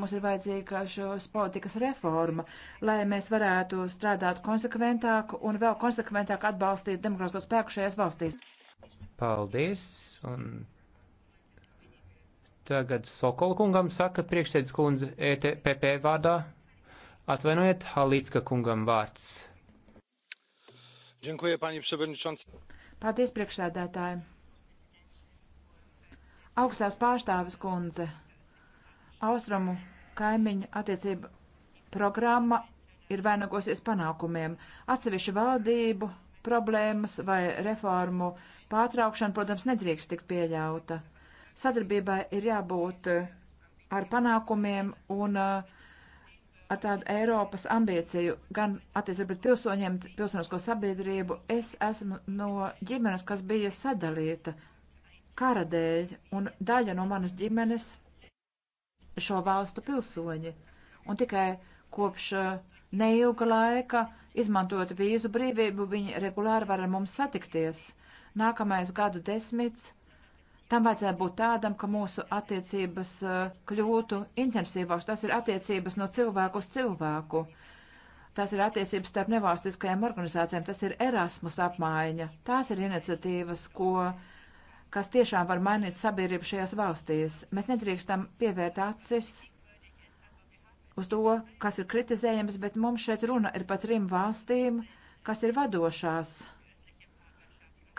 Mums ir vajadzīga šos politikas reforma, lai mēs varētu strādāt konsekventāk un vēl konsekventāk atbalstīt demokrātisko spēku šajās valstīs. Paldies! Un tagad Sokolkungam saka priekšsēdus kundze ETPP vārdā. Atvainojiet, Halicka kungam vārds. Dziękuję, pani przewodnicząca. Paldies, priekšsēdētāji. Augstās pārstāvis kundze. Austrumu kaimiņa attiecība programma ir vainagosies panākumiem. Atsevišķu valdību problēmas vai reformu pārtraukšana, protams, nedrīkst tik pieļauta. Sadarbībai ir jābūt eh, ar panākumiem un uh, ar tādu Eiropas ambīciju, gan attiecībā pret pilsoņiem, pilsonisko sabiedrību. Es esmu no ģimenes, kas bija sadalīta kara dēļ, un daļa no manas ģimenes šo valstu pilsoņi. Un tikai kopš eh, neilga laika, izmantojot vīzu brīvību, viņi regulāri var ar mums satikties. Nākamais gadu desmits tam vajadzētu būt tādam, ka mūsu attiecības eh, kļūtu intensīvākas. Tas ir attiecības no cilvēku uz cilvēku. Tas ir attiecības starp nevalstiskajām organizācijām, tas ir Erasmus apmaiņa. Tās ir iniciatīvas, ko uh, kas tiešām var mainīt sabiedrību šajās valstīs. Mēs nedrīkstam pievērt acis uz to, kas ir kritizējams, bet mums šeit runa ir par trim valstīm, kas ir vadošās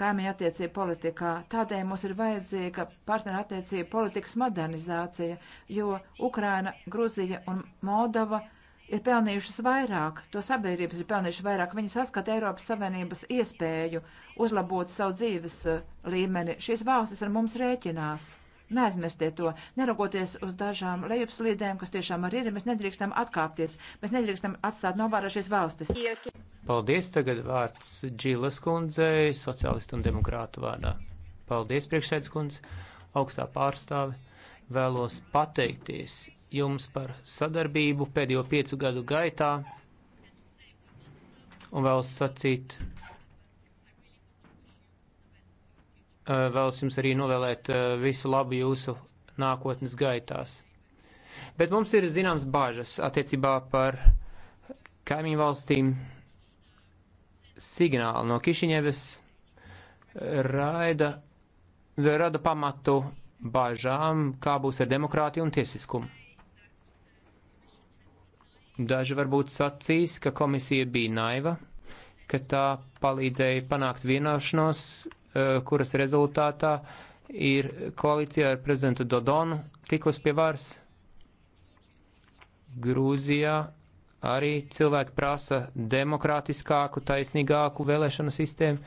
kaimiņa attiecību politikā. Tādēļ mums ir vajadzīga partneru attiecību politikas modernizācija, jo Ukraina, Gruzija un Moldova – ir pelnījušas vairāk, to sabiedrības ir pelnījušas vairāk. Viņi saskata Eiropas Savienības iespēju uzlabot savu dzīves eh, līmeni. Šīs valstis ar mums rēķinās. Neaizmirstiet to, neraugoties uz dažām lejupslīdēm, kas tiešām arī ir, mēs nedrīkstam atkāpties, mēs nedrīkstam atstāt novārā šīs valstis. Paldies, tagad vārds Džīlas kundzei, sociālistu un demokrātu vārdā. Paldies, priekšsēdz kundze, augstā pārstāve, vēlos pateikties jums par sadarbību pēdējo piecu gadu gaitā un vēlos sacīt, vēlos jums arī novēlēt visu labu jūsu nākotnes gaitās. Bet mums ir zināms bāžas attiecībā par kaimiņu valstīm signāli no Kišiņevas raida, rada pamatu bāžām, kā būs ar demokrātiju un tiesiskumu. Daži varbūt sacīs, ka komisija bija naiva, ka tā palīdzēja panākt vienošanos, eh, kuras rezultātā ir koalīcijā ar prezidentu Dodonu tikus pie varas. Grūzijā arī cilvēki prasa demokrātiskāku, taisnīgāku vēlēšanu sistēmu,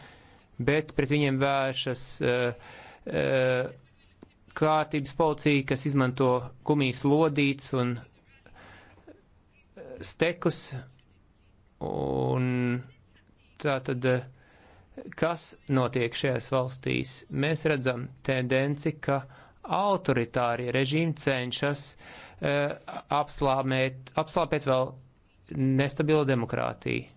bet pret viņiem vēršas uh, uh, kārtības policija, kas izmanto gumijas lodītes un stekus un tā tad, kas notiek šajās valstīs? Mēs redzam tendenci, ka autoritārie režīmi cenšas uh, e, apslāpēt, apslāpēt vēl nestabilu demokrātiju.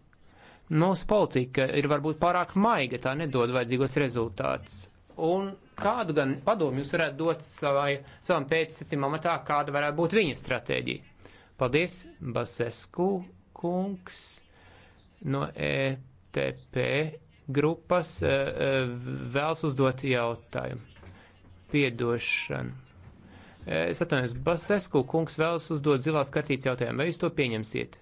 Mūsu politika ir varbūt pārāk maiga, tā nedod vajadzīgos rezultātus. Un kādu gan padomu jūs varētu dot savai, savam pēcsacim amatā, kāda varētu būt viņa stratēģija? Paldies, Basesku kungs no ETP grupas eh, eh, vēlas uzdot jautājumu. Piedošanu. Eh, es atvainojos, Basesku kungs vēlas uzdot zilās kartītes jautājumu. Vai jūs to pieņemsiet?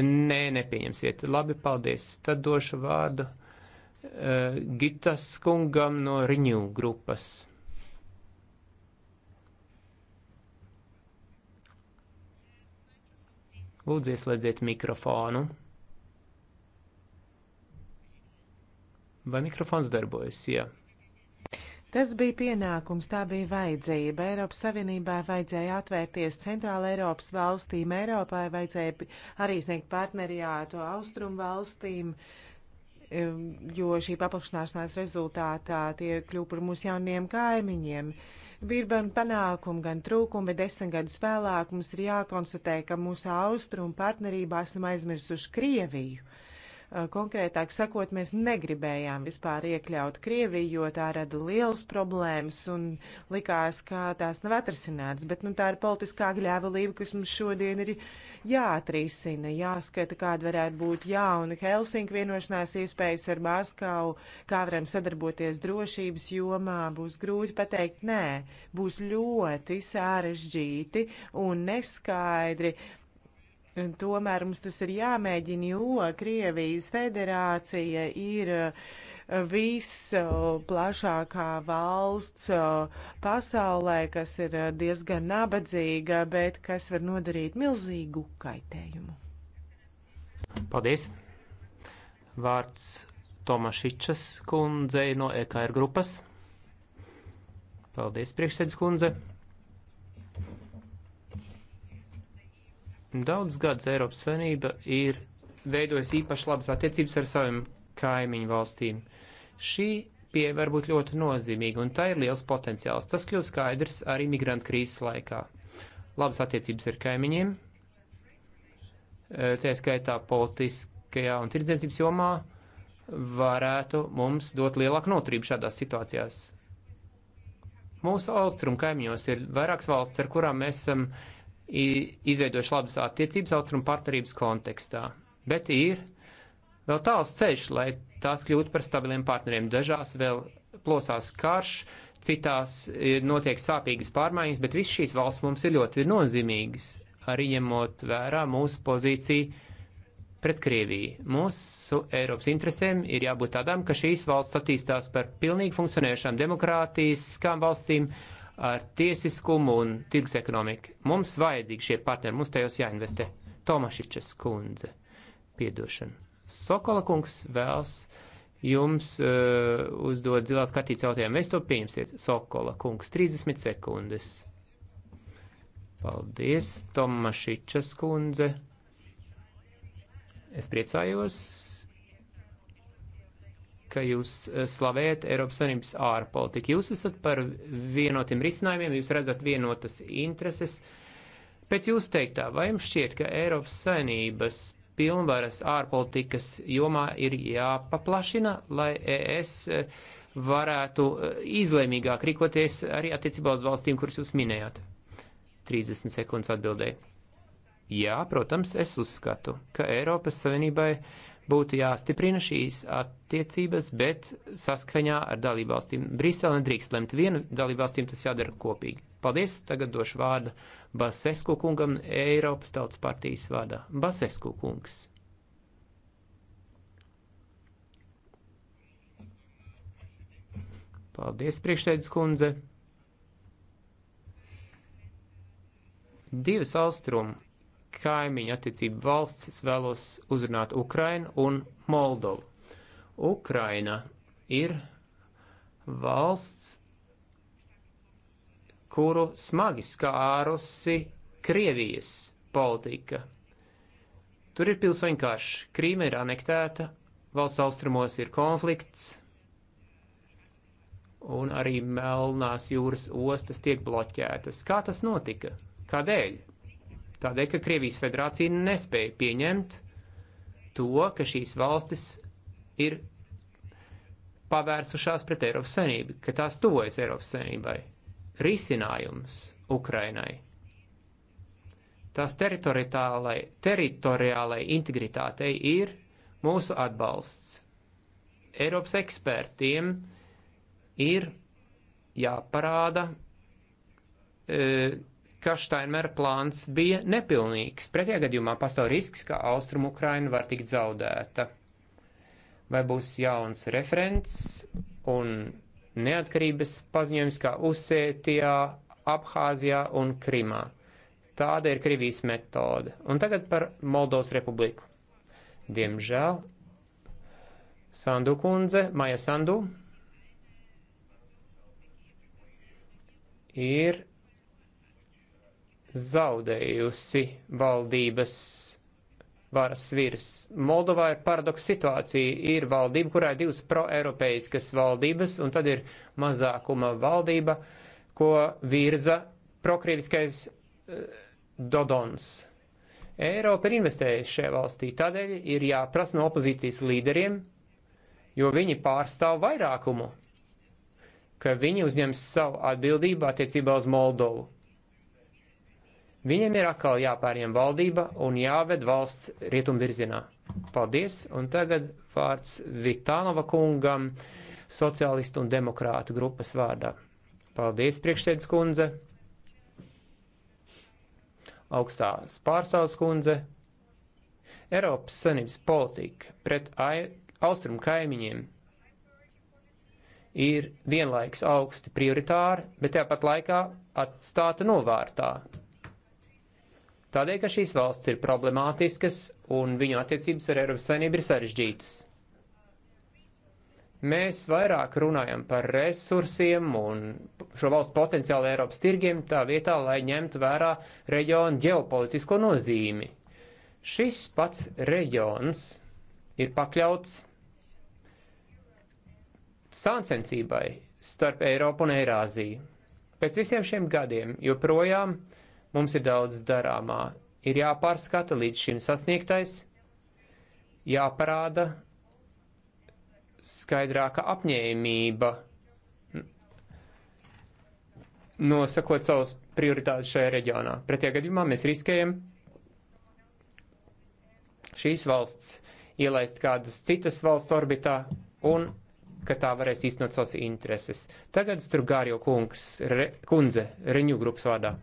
Nē, nepieņemsiet. Labi, paldies. Tad došu vārdu uh, Gitas kungam no Riņū grupas. Lūdzu, ieslēdziet mikrofonu. Vai mikrofons darbojas? Jā. Tas bija pienākums, tā bija vajadzība. Eiropas Savienībai vajadzēja atvērties centrāla Eiropas valstīm, Eiropai vajadzēja arī sniegt partneriātu austrumu valstīm, jo šī paplašanāšanās rezultātā tie kļūp par mūsu jauniem kaimiņiem. Uh, Bija gan panākumi, gan trūkumi, bet desmit gadus vēlāk mums ir jākonstatē, ka mūsu austrumu partnerībā esam aizmirsuši Krieviju. Eh, konkrētāk sakot, mēs negribējām vispār iekļaut Krieviju, jo tā rada lielas problēmas un likās, ka tās nav atrasināts. Bet nu, tā ir politiskā gļēvulība, kas mums šodien ir jāatrisina, jāskata, kāda varētu būt jauna Helsinku vienošanās iespējas ar Maskavu, kā varam sadarboties drošības jomā. Būs grūti pateikt nē, būs ļoti sarežģīti un neskaidri. Un tomēr mums tas ir jāmēģina, jo Krievijas federācija ir uh, visplašākā valsts uh, pasaulē, kas ir uh, diezgan nabadzīga, bet kas var nodarīt milzīgu kaitējumu. Paldies! Vārds Tomašičas kundzei no EKR grupas. Paldies, priekšsēdus kundze! Daudz gadus Eiropas Savienība ir veidojusi īpaši labas attiecības ar saviem kaimiņu valstīm. Šī pieeja var būt ļoti nozīmīga, un tā ir liels potenciāls. Tas kļūst skaidrs arī migrantu krīzes laikā. Labas attiecības ar kaimiņiem, eh, tā skaitā politiskajā un tirdzniecības jomā, varētu mums dot lielāku noturību šādās situācijās. Mūsu austrumu kaimiņos ir vairākas valsts, ar kurām mēs esam um, izveidojuši labas attiecības austrumu partnerības kontekstā. Bet ir vēl tāls ceļš, lai tās kļūtu par stabiliem partneriem. Dažās vēl plosās karš, citās notiek sāpīgas pārmaiņas, bet viss šīs valsts mums ir ļoti nozīmīgas, arī ņemot vērā mūsu pozīciju pret Krieviju. Mūsu Eiropas interesēm ir jābūt tādām, ka šīs valsts attīstās par pilnīgi funkcionējušām demokrātiskām valstīm, uh, ar tiesiskumu un tirgus ekonomiku. Mums vajadzīgi šie partneri, mums tajos jāinvestē. Tomašičas kundze, piedošana. Sokola kungs vēls jums uh, uzdot zilās kartītes jautājumu. Es to pieņemsiet. Sokola kungs, 30 sekundes. Paldies, Tomašičas kundze. Es priecājos ka jūs eh, slavējat Eiropas Savienības ārpolitiku. Jūs esat par vienotiem risinājumiem, jūs redzat vienotas intereses. Pēc jūs teiktā, vai jums šķiet, ka Eiropas Savienības pilnvaras ārpolitikas jomā ir jāpaplašina, lai ES eh, varētu eh, izlēmīgāk rīkoties arī attiecībā uz valstīm, kuras jūs minējāt? 30 sekundes atbildēja. Jā, protams, es uzskatu, ka Eiropas Savienībai uh, Būtu jāstiprina šīs attiecības, bet saskaņā ar dalībvalstīm. Brīselē nedrīkst lemt vienu dalībvalstīm, tas jādara kopīgi. Paldies, tagad došu vārdu Basesku kungam Eiropas tautas partijas vārdā. Basesku kungs. Paldies, priekšsēdus kundze. Divas austrumu kaimiņu attiecību valsts, es vēlos uzrunāt Ukrainu un Moldovu. Ukraina ir valsts, kuru smagi skārusi Krievijas politika. Tur ir pilsoņu karš, Krīme ir anektēta, valsts austrumos ir konflikts, un arī Melnās jūras ostas tiek bloķētas. Kā tas notika? Kādēļ? Tādēļ, ka Krievijas federācija nespēja pieņemt to, ka šīs valstis ir pavērsušās pret Eiropas Savienību, ka tās tuvojas Eiropas Savienībai. Risinājums Ukrainai. Tās teritoriālai, teritoriālai integritātei ir mūsu atbalsts. Eiropas ekspertiem ir jāparāda e, ka Steinmēra plāns bija nepilnīgs. Pretējā gadījumā pastāv risks, ka Austrum Ukraina var tikt zaudēta. Vai būs jauns referents un neatkarības paziņojums kā Usētijā, Abhāzijā un Krimā. Tāda ir Krievijas metode. Un tagad par Moldovas republiku. Diemžēl Sandu kundze, Maija Sandu, ir zaudējusi valdības varas virs. Moldovā ir paradoks situācija. Ir valdība, kurā ir divas proeiropeiskas valdības, un tad ir mazākuma valdība, ko virza prokrīviskais uh, eh, Dodons. Eiropa ir investējusi šajā valstī, tādēļ ir jāprasa no opozīcijas līderiem, jo viņi pārstāv vairākumu, ka viņi uzņems savu atbildību attiecībā uz Moldovu Viņiem ir atkal jāpārņem valdība un jāved valsts rietumvirzienā. Paldies, un tagad vārds Vitānova kungam, sociālistu un demokrātu grupas vārdā. Paldies, priekšsēdus kundze, augstās pārstāvs kundze. Eiropas sanības politika pret austrumu kaimiņiem ir vienlaiks augsti prioritāri, bet tāpat laikā atstāta novārtā Tādēļ, ka šīs valsts ir problemātiskas un viņu attiecības ar Eiropas Savienību ir sarežģītas. Mēs vairāk runājam par resursiem un šo valstu potenciālu Eiropas tirgiem tā vietā, lai ņemtu vērā reģionu ģeopolitisko nozīmi. Šis pats reģions ir pakļauts sāncensībai starp Eiropu un Eirāziju. Pēc visiem šiem gadiem joprojām uh, Mums ir daudz darāmā. Ir jāpārskata līdz šim sasniegtais, jāparāda skaidrāka apņēmība nosakot savus prioritātes šajā reģionā. Pretējā gadījumā mēs riskējam šīs valsts ielaist kādas citas valsts orbitā un ka tā varēs īstenot savas intereses. Tagad Strugārio kungs, re, kundze, Reņu grupas vārdā.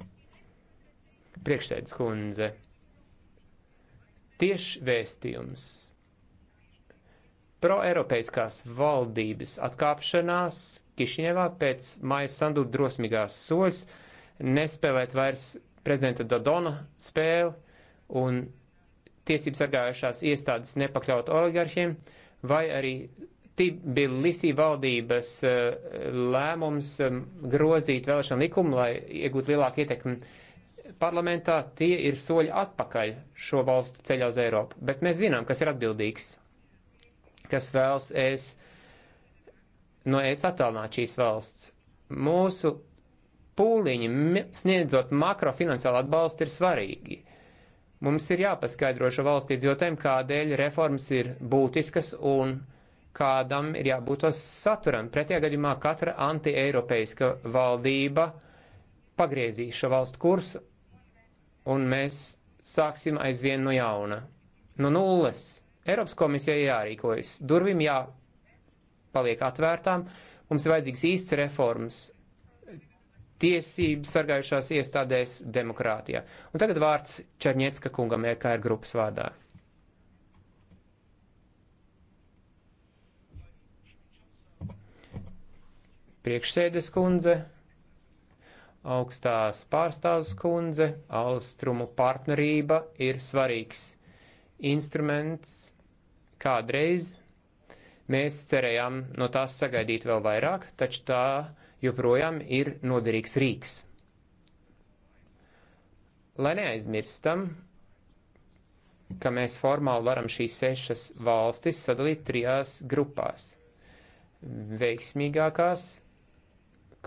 Priekšsēdus kundze. Tieši vēstījums. Proeiropeiskās valdības atkāpšanās Kišņevā pēc Maijas Sandu drosmīgās soļas nespēlēt vairs prezidenta Dodona spēli un tiesības sargājušās iestādes nepakļaut oligarhiem, vai arī Tbilisī valdības eh, lēmums eh, grozīt vēlēšanu likumu, lai iegūtu lielāku ietekmi parlamentā tie ir soļi atpakaļ šo valstu ceļā uz Eiropu. Bet mēs zinām, kas ir atbildīgs, kas vēlas es no es attālināt šīs valsts. Mūsu pūliņi sniedzot makrofinanciālu atbalstu ir svarīgi. Mums ir jāpaskaidro šo valsts iedzīvotājiem, kādēļ reformas ir būtiskas un kādam ir jābūt tos saturam. Pretējā gadījumā katra antieiropeiska valdība pagriezīs šo valstu kursu un mēs sāksim aizvien no jauna. No nulles. Eiropas komisijai jārīkojas. Durvīm jāpaliek atvērtām. Mums ir vajadzīgs īsts reformas tiesības sargājušās iestādēs demokrātijā. Un tagad vārds Černiecka kungam, EKR grupas vārdā. Priekšsēdes kundze augstās pārstāvs kundze, austrumu partnerība ir svarīgs instruments kādreiz. Mēs cerējām no tās sagaidīt vēl vairāk, taču tā joprojām ir noderīgs rīks. Lai neaizmirstam, ka mēs formāli varam šīs sešas valstis sadalīt trijās grupās - veiksmīgākās,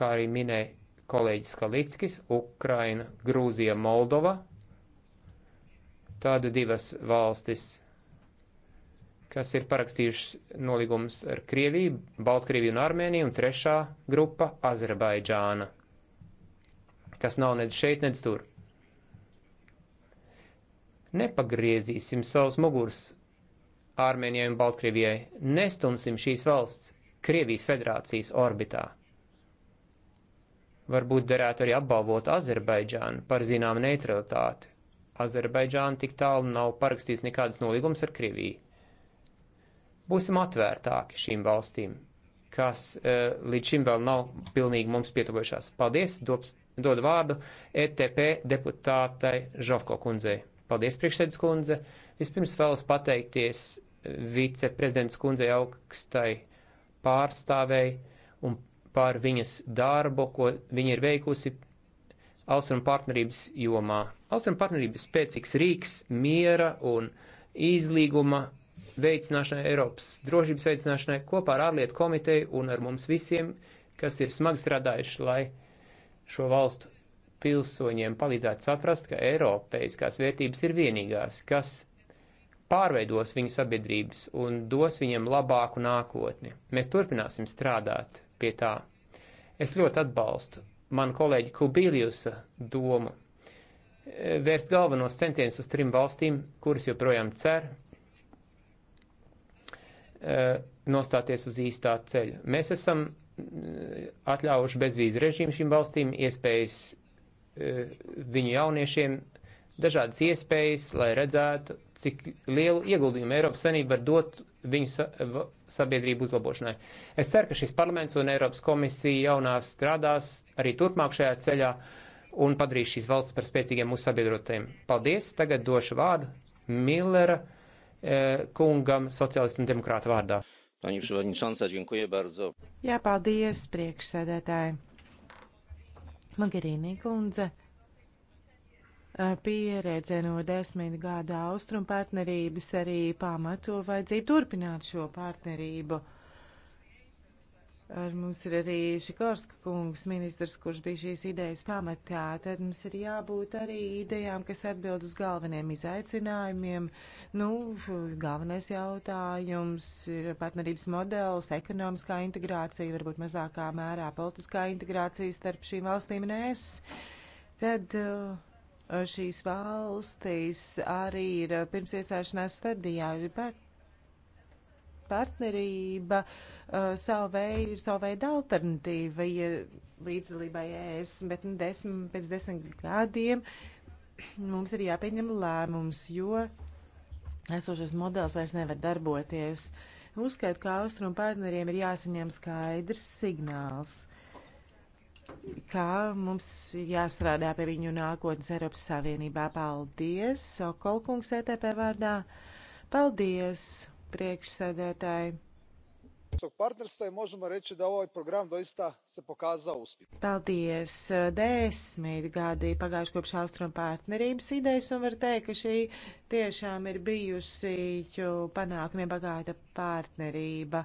kā arī minēja kolēģis Kalickis, Ukraina, Grūzija, Moldova. Tāda divas valstis, kas ir parakstījušas nolīgumus ar Krieviju, Baltkrieviju un Armēniju, un trešā grupa - Azerbaidžāna, kas nav nedz šeit, nedz tur. Nepagriezīsim savus mugurs Armēnijai un Baltkrievijai, nestumsim šīs valsts Krievijas federācijas orbitā. Varbūt derētu arī apbalvot Azerbaidžānu par zināmu neutralitāti. Azerbaidžāna tik tālu nav parakstījis nekādas nolīgumas ar Krieviju. Būsim atvērtāki šīm valstīm, kas uh, līdz šim vēl nav pilnīgi mums pietuvojušās. Paldies, dobs, dod vārdu ETP deputātai Žovko kundzei. Paldies, priekšsēdus kundze. Vispirms vēlos pateikties viceprezidents kundzei augstai pārstāvēji par viņas darbu, ko viņa ir veikusi Austrum partnerības jomā. Austrum partnerības spēcīgs rīks miera un izlīguma veicināšanai, Eiropas drošības veicināšanai kopā ar ārlietu komiteju un ar mums visiem, kas ir smagi strādājuši, lai šo valstu pilsoņiem palīdzētu saprast, ka eiropeiskās vērtības ir vienīgās, kas pārveidos viņu sabiedrības un dos viņiem labāku nākotni. Mēs turpināsim strādāt pie tā. Es ļoti atbalstu manu kolēģi Kubiliusa domu eh, vērst galvenos centienus uz trim valstīm, kuras joprojām cer eh, nostāties uz īstā ceļa. Mēs esam eh, atļāvuši bezvīzu režīmu šīm valstīm, iespējas viņu jauniešiem dažādas iespējas, lai redzētu, cik lielu ieguldījumu Eiropas Savienība var dot viņu sabiedrību uzlabošanai. Es ceru, ka šis parlaments un Eiropas komisija jaunā strādās arī turpmāk šajā ceļā un padarīs šīs valsts par spēcīgiem mūsu sabiedrotajiem. Paldies! Tagad došu vārdu Millera eh, kungam sociālistu un demokrātu vārdā. Pani Przewodnicząca, dziękuję bardzo. Jā, paldies, priekšsēdētāji. Magarīnī kundze. Eh, pieredze no desmit gada austrum partnerības arī pamato vajadzību turpināt šo partnerību. Ar mums ir arī Šikorska kungs, ministrs, kurš bija šīs idejas pamatā. Tad mums ir jābūt arī idejām, kas atbild uz galveniem izaicinājumiem. Nu, galvenais jautājums ir partnerības modelis, ekonomiskā integrācija, varbūt mazākā mērā politiskā integrācija starp šīm valstīm un es. Tad uh, Eh, šīs valstīs arī ir eh, pirms iestāšanās stadijā. Par, partnerība uh, savu veidu ir savu veidu alternatīva ja līdzdalībai ES, bet nu, desmit, pēc desmit gadiem mums ir jāpieņem lēmums, jo esošais modelis vairs nevar darboties. Uzskatu, ka austrumu partneriem ir jāsaņem skaidrs signāls. Uh, kā mums jāstrādā pie viņu nākotnes Eiropas Savienībā. Paldies, Sokolkungs ETP vārdā. Paldies, priekšsēdētāji. Paldies! Desmit gadi pagājuši kopš Austrum partnerības idejas un var teikt, ka šī tiešām ir bijusi panākumiem bagāta partnerība,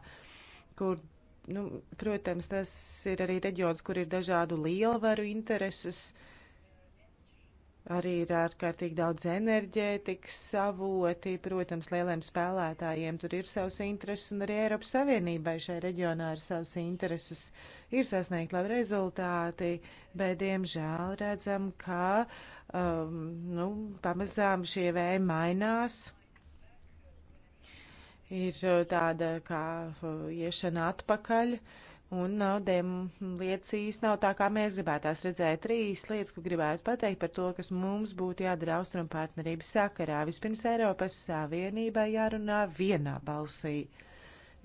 kur nu, protams, tas ir arī reģions, kur ir dažādu lielvaru intereses. Arī ir ārkārtīgi daudz enerģētikas savoti, protams, lieliem spēlētājiem tur ir savs intereses, un arī Eiropas Savienībai šai reģionā ir savs intereses. Ir sasniegt labi rezultāti, bet, diemžēl, redzam, ka um, nu, pamazām šie vēji mainās ir eh, tāda kā eh, iešana atpakaļ. Un naudēm eh, liecīs nav tā, kā mēs gribētu. Es redzēju trīs lietas, ko gribētu pateikt par to, kas mums būtu jādara austrumu partnerības sakarā. Vispirms Eiropas Savienībai jārunā vienā balsī.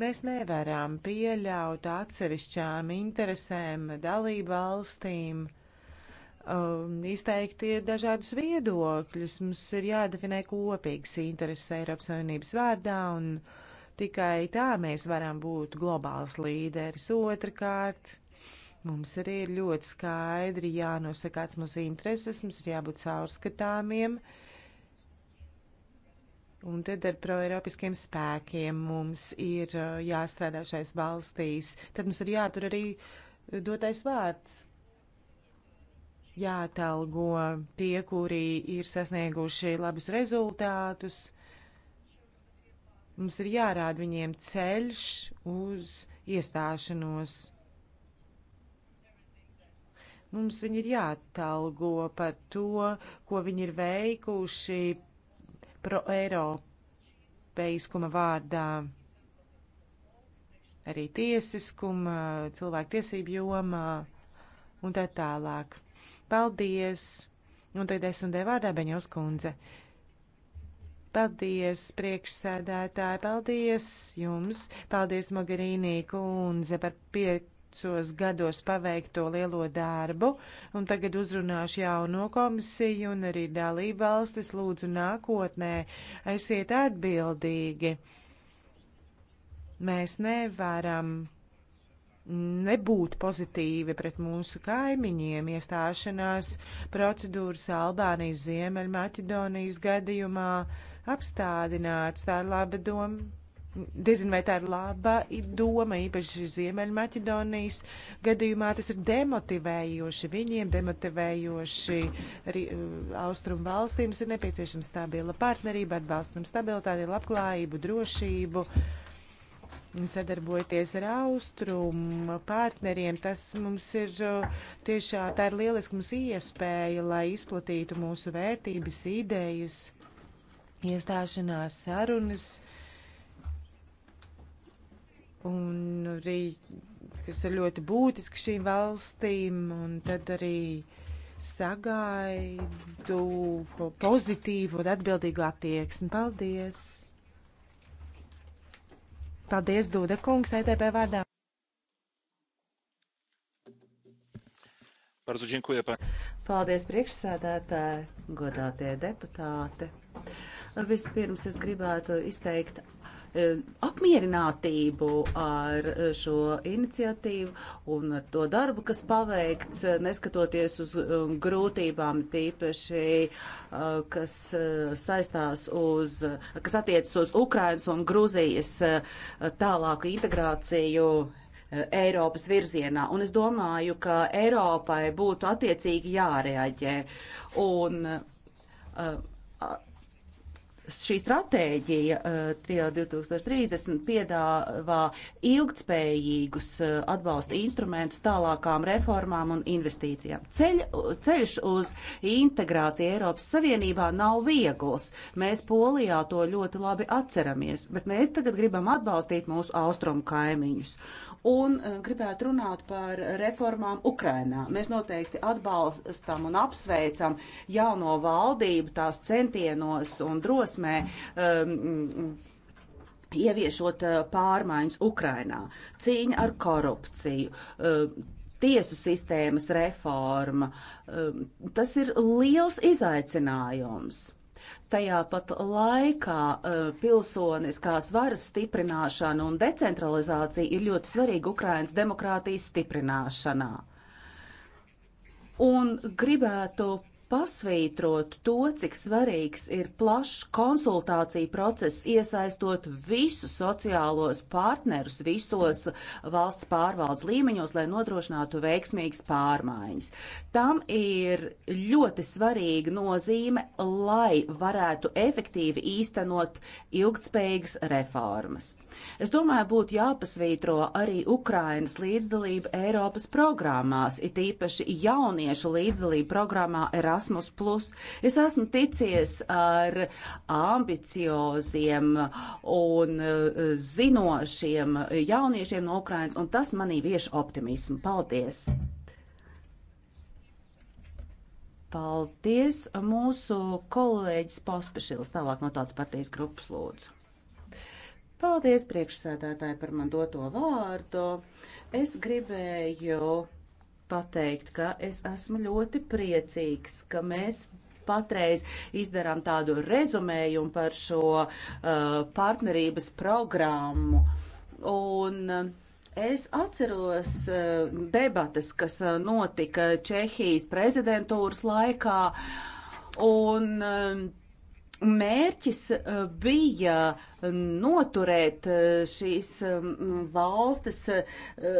Mēs nevaram pieļaut atsevišķām interesēm dalību valstīm um, izteikt dažādus viedokļus. Mums ir jādefinē kopīgas intereses Eiropas Savienības vārdā, un tikai tā mēs varam būt globāls līderis. Otrakārt, mums arī ir ļoti skaidri jānosaka, kāds mūsu intereses, mums ir jābūt caurskatāmiem. Un tad ar proeiropiskiem spēkiem mums ir uh, jāstrādā šais valstīs. Tad mums ir jātur arī dotais vārds jātalgo tie, kuri ir sasnieguši labus rezultātus. Mums ir jārāda viņiem ceļš uz iestāšanos. Mums viņi ir jātalgo par to, ko viņi ir veikuši pro-eiropeiskuma vārdā arī tiesiskuma, cilvēktiesību jomā un tā tālāk. Paldies! Un tagad es un devārdā Beņos kundze. Paldies, priekšsēdētāji, paldies jums, paldies Mogarīnī kundze par piecos gados paveikto lielo darbu, un tagad uzrunāšu jauno komisiju un arī dalību valstis lūdzu nākotnē, esiet atbildīgi. Mēs nevaram nebūt pozitīvi pret mūsu kaimiņiem. Iestāšanās procedūras Albānijas Ziemeļmaķedonijas gadījumā apstādināts. Tā ir laba doma. Dezinu, vai tā ir laba doma, īpaši Ziemeļmaķedonijas gadījumā tas ir demotivējoši. Viņiem demotivējoši arī uh, austrumu valstīm ir nepieciešama stabila partnerība, atbalstam stabilitāti, labklājību, drošību. Uh, sadarbojoties ar austrumu partneriem. Tas mums ir uh, tiešā, tā ir lieliski mums iespēja, lai izplatītu mūsu vērtības, idejas, iestāšanās sarunas. Un arī, kas ir ļoti būtiski šīm valstīm, un tad arī sagaidu pozitīvu un atbildīgu attieksmi. Paldies! Paldies, Dūda kungs, ETP vārdā. Paldies, priekšsēdētāji, godātie deputāti. Vispirms es gribētu izteikt Eh, apmierinātību ar eh, šo iniciatīvu un ar to darbu, kas paveikts, eh, neskatoties uz um, grūtībām, tīpaši, kas saistās uz, kas attiecas uz Ukrainas un Gruzijas tālāku integrāciju Eiropas virzienā. Un es domāju, ka Eiropai būtu attiecīgi jāreaģē. Un, uh, šī stratēģija eh, trijā 2030 piedāvā ilgtspējīgus eh, atbalsta instrumentus tālākām reformām un investīcijām. Ceļ, ceļš uz integrāciju Eiropas Savienībā nav viegls. Mēs Polijā to ļoti labi atceramies, bet mēs tagad gribam atbalstīt mūsu austrumu kaimiņus un eh, gribētu runāt par reformām Ukrainā. Mēs noteikti atbalstam un apsveicam jauno valdību tās centienos un drosmē. Um, Ieviešot eh, pārmaiņas Ukrainā, cīņa ar korupciju, um, tiesu sistēmas reforma, um, tas ir liels izaicinājums. Tajā pat laikā eh, pilsoniskās varas stiprināšana un decentralizācija ir ļoti svarīga Ukrainas demokrātijas stiprināšanā. Un gribētu pasvītrot to, cik svarīgs ir plašs konsultāciju process, iesaistot visus sociālos partnerus visos valsts pārvaldes līmeņos, lai nodrošinātu veiksmīgas pārmaiņas. Tam ir ļoti svarīga nozīme, lai varētu efektīvi īstenot ilgtspējīgas reformas. Es domāju, būtu jāpasvītro arī Ukrainas līdzdalība Eiropas programmās, it īpaši jauniešu līdzdalība programmā Erasmus. Es esmu ticies ar ambicioziem un uh, zinošiem jauniešiem no Ukrainas, un tas manī vieš optimismu. Paldies! Paldies! Mūsu kolēģis Pospešils tālāk no tādas partijas grupas lūdzu. Paldies priekšsēdētāji par man doto vārdu. Es gribēju pateikt, ka es esmu ļoti priecīgs, ka mēs patreiz izdarām tādu rezumējumu par šo uh, partnerības programmu. Un, uh, Es atceros uh, debatas, kas uh, notika Čehijas prezidentūras laikā, un um, uh, mērķis bija noturēt eh, šīs eh, valstis eh,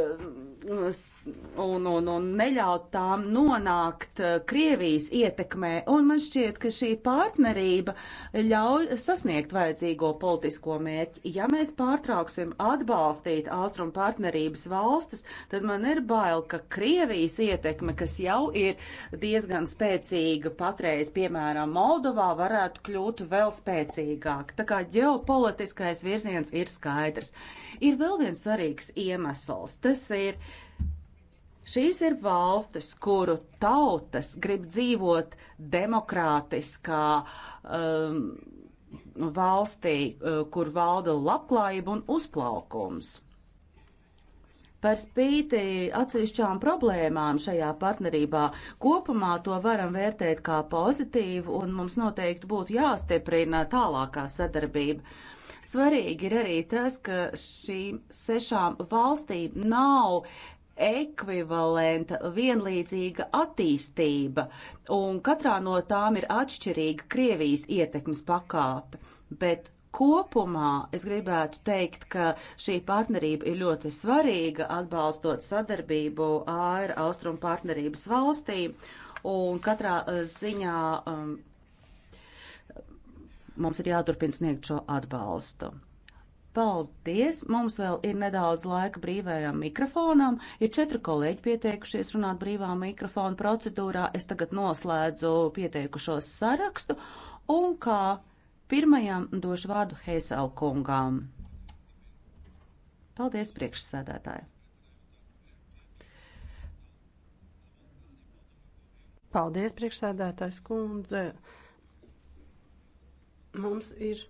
un, un, un neļaut tām nonākt Krievijas ietekmē. Un man šķiet, ka šī partnerība ļauj sasniegt vajadzīgo politisko mērķi. Ja mēs pārtrauksim atbalstīt austrumu partnerības valstis, tad man ir bail, ka Krievijas ietekme, kas jau ir diezgan spēcīga patreiz, piemēram, Moldovā, varētu kļūt vēl spēcīgāk. Tā kā ģeopolitika politiskais virziens ir skaidrs. Ir vēl viens svarīgs iemesls. Tas ir. Šīs ir valstis, kuru tautas grib dzīvot demokrātiskā um, valstī, uh, kur valda labklājība un uzplaukums. Par spīti atsevišķām problēmām šajā partnerībā kopumā to varam vērtēt kā pozitīvu un mums noteikti būtu jāstiprina tālākā sadarbība. Svarīgi ir arī tas, ka šīm sešām valstīm nav ekvivalenta vienlīdzīga attīstība, un katrā no tām ir atšķirīga Krievijas ietekmes pakāpe. Bet kopumā es gribētu teikt, ka šī partnerība ir ļoti svarīga atbalstot sadarbību ar Austrum partnerības valstīm, un katrā eh, ziņā um, mums ir jāturpina sniegt šo atbalstu. Paldies! Mums vēl ir nedaudz laika brīvajam mikrofonam. Ir četri kolēģi pieteikušies runāt brīvā mikrofona procedūrā. Es tagad noslēdzu pieteikušos sarakstu un kā pirmajam došu vārdu Heisel kungām. Paldies, priekšsēdētāji! Paldies, priekšsēdētājs kundze! Mums ir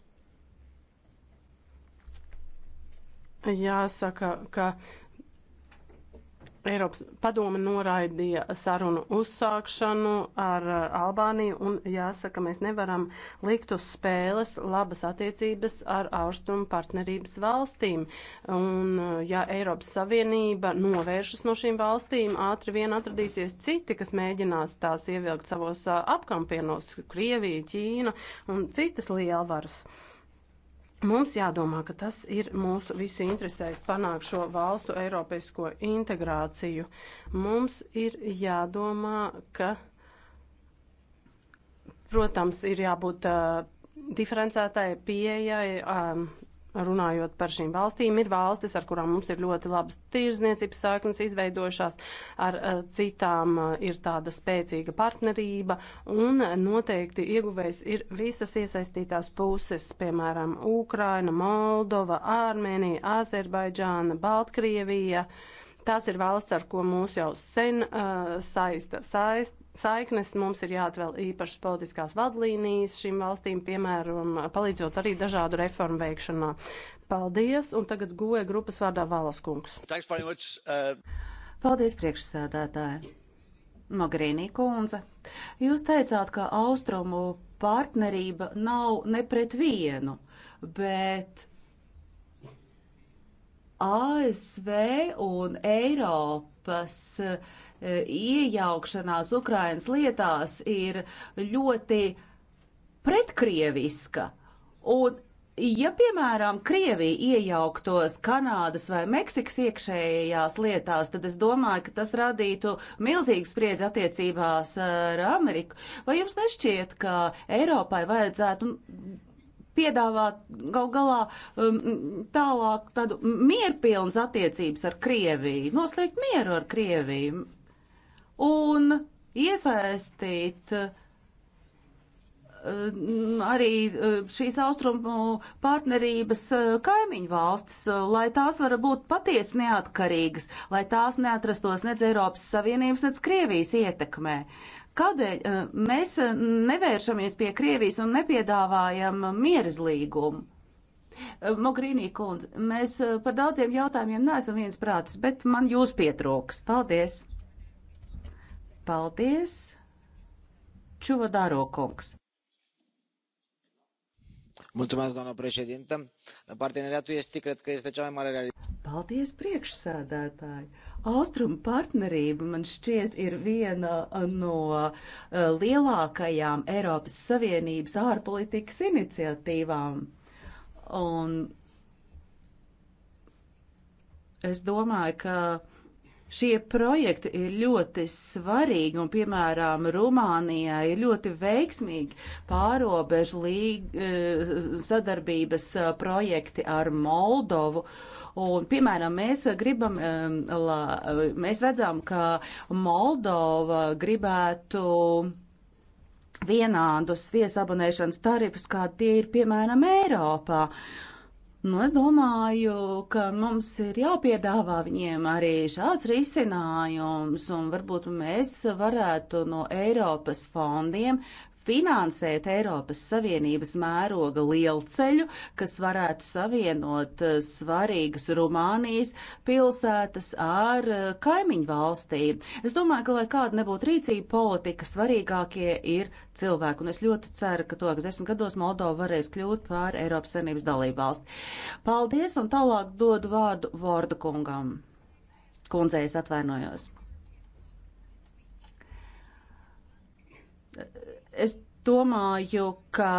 jāsaka, ka Eiropas padome noraidīja sarunu uzsākšanu ar uh, Albāniju un jāsaka, mēs nevaram likt uz spēles labas attiecības ar austrumu partnerības valstīm. Un uh, ja Eiropas Savienība novēršas no šīm valstīm, ātri vien atradīsies citi, kas mēģinās tās ievilkt savos uh, apkampienos - Krievija, Ķīna un citas lielvaras. Uh, Mums jādomā, ka tas ir mūsu visu interesēs panākt šo valstu eiropeisko integrāciju. Mums ir jādomā, ka, protams, ir jābūt uh, diferencētai pieejai. Um, runājot par šīm valstīm, ir valstis, ar kurām mums ir ļoti labas tirzniecības saiknes izveidojušās, ar eh, citām eh, ir tāda spēcīga partnerība, un noteikti ieguvējs ir visas iesaistītās puses, piemēram, Ukraina, Moldova, Armēnija, Azerbaidžāna, Baltkrievija. Tās ir valsts, ar ko mūs jau sen uh, saista, saist, saiknes mums ir jāatvēl īpašas politiskās vadlīnijas šīm valstīm, piemēram, palīdzot arī dažādu reformu veikšanā. Paldies, un tagad goja grupas vārdā Valaskungs. Uh... Paldies, priekšsēdētāji. Magrīnī kundze, jūs teicāt, ka austrumu partnerība nav ne pret vienu, bet ASV un Eiropas uh, E, iejaukšanās Ukrainas lietās ir ļoti pretkrieviska. Un, ja, piemēram, Krievija iejauktos Kanādas vai Meksikas iekšējās lietās, tad es domāju, ka tas radītu milzīgu spriedzi attiecībās ar Ameriku. Vai jums nešķiet, ka Eiropai vajadzētu piedāvāt gal galā um, tālāk tādu mierpilnas attiecības ar Krieviju, noslēgt mieru ar Krieviju? un iesaistīt uh, arī uh, šīs austrumu partnerības uh, kaimiņu valstis, lai tās var būt patiesi neatkarīgas, lai tās neatrastos nec Eiropas Savienības, nec Krievijas ietekmē. Kādēļ mēs nevēršamies pie Krievijas un nepiedāvājam mierizlīgumu? Mogrīnī kundze, mēs par daudziem jautājumiem neesam viens prātis, bet man jūs pietrūks. Paldies! Paldies, Čuvodāro kungs! Mulțumesc, doamnă președintă. Parteneriatul estic cred că este cea mai mare realitate. Paldies, priekšsēdētāji! Austrumu partnerība man šķiet ir viena no eh, lielākajām Eiropas Savienības ārpolitikas iniciatīvām. Un es domāju, ka Šie projekti ir ļoti svarīgi, un, piemēram, Rumānijā ir ļoti veiksmīgi pārobežu e, sadarbības e, projekti ar Moldovu. Un, piemēram, mēs, gribam, la, mēs redzam, ka Moldova gribētu vienādus viesabonēšanas tarifus, kā tie ir, piemēram, Eiropā. Uh, Nu, es domāju, ka mums ir jāpiedāvā viņiem arī šāds risinājums, un varbūt mēs varētu no Eiropas fondiem finansēt Eiropas Savienības mēroga lielceļu, kas varētu savienot eh, svarīgas Rumānijas pilsētas ar eh, kaimiņu valstīm. Es domāju, ka, lai kāda nebūtu rīcība politika, svarīgākie ir cilvēki, un es ļoti ceru, ka tuvāk desmit gados Moldova varēs kļūt par Eiropas Savienības dalību valsti. Paldies, un tālāk dodu vārdu Vorda kungam. Kundzei es atvainojos. Es domāju, ka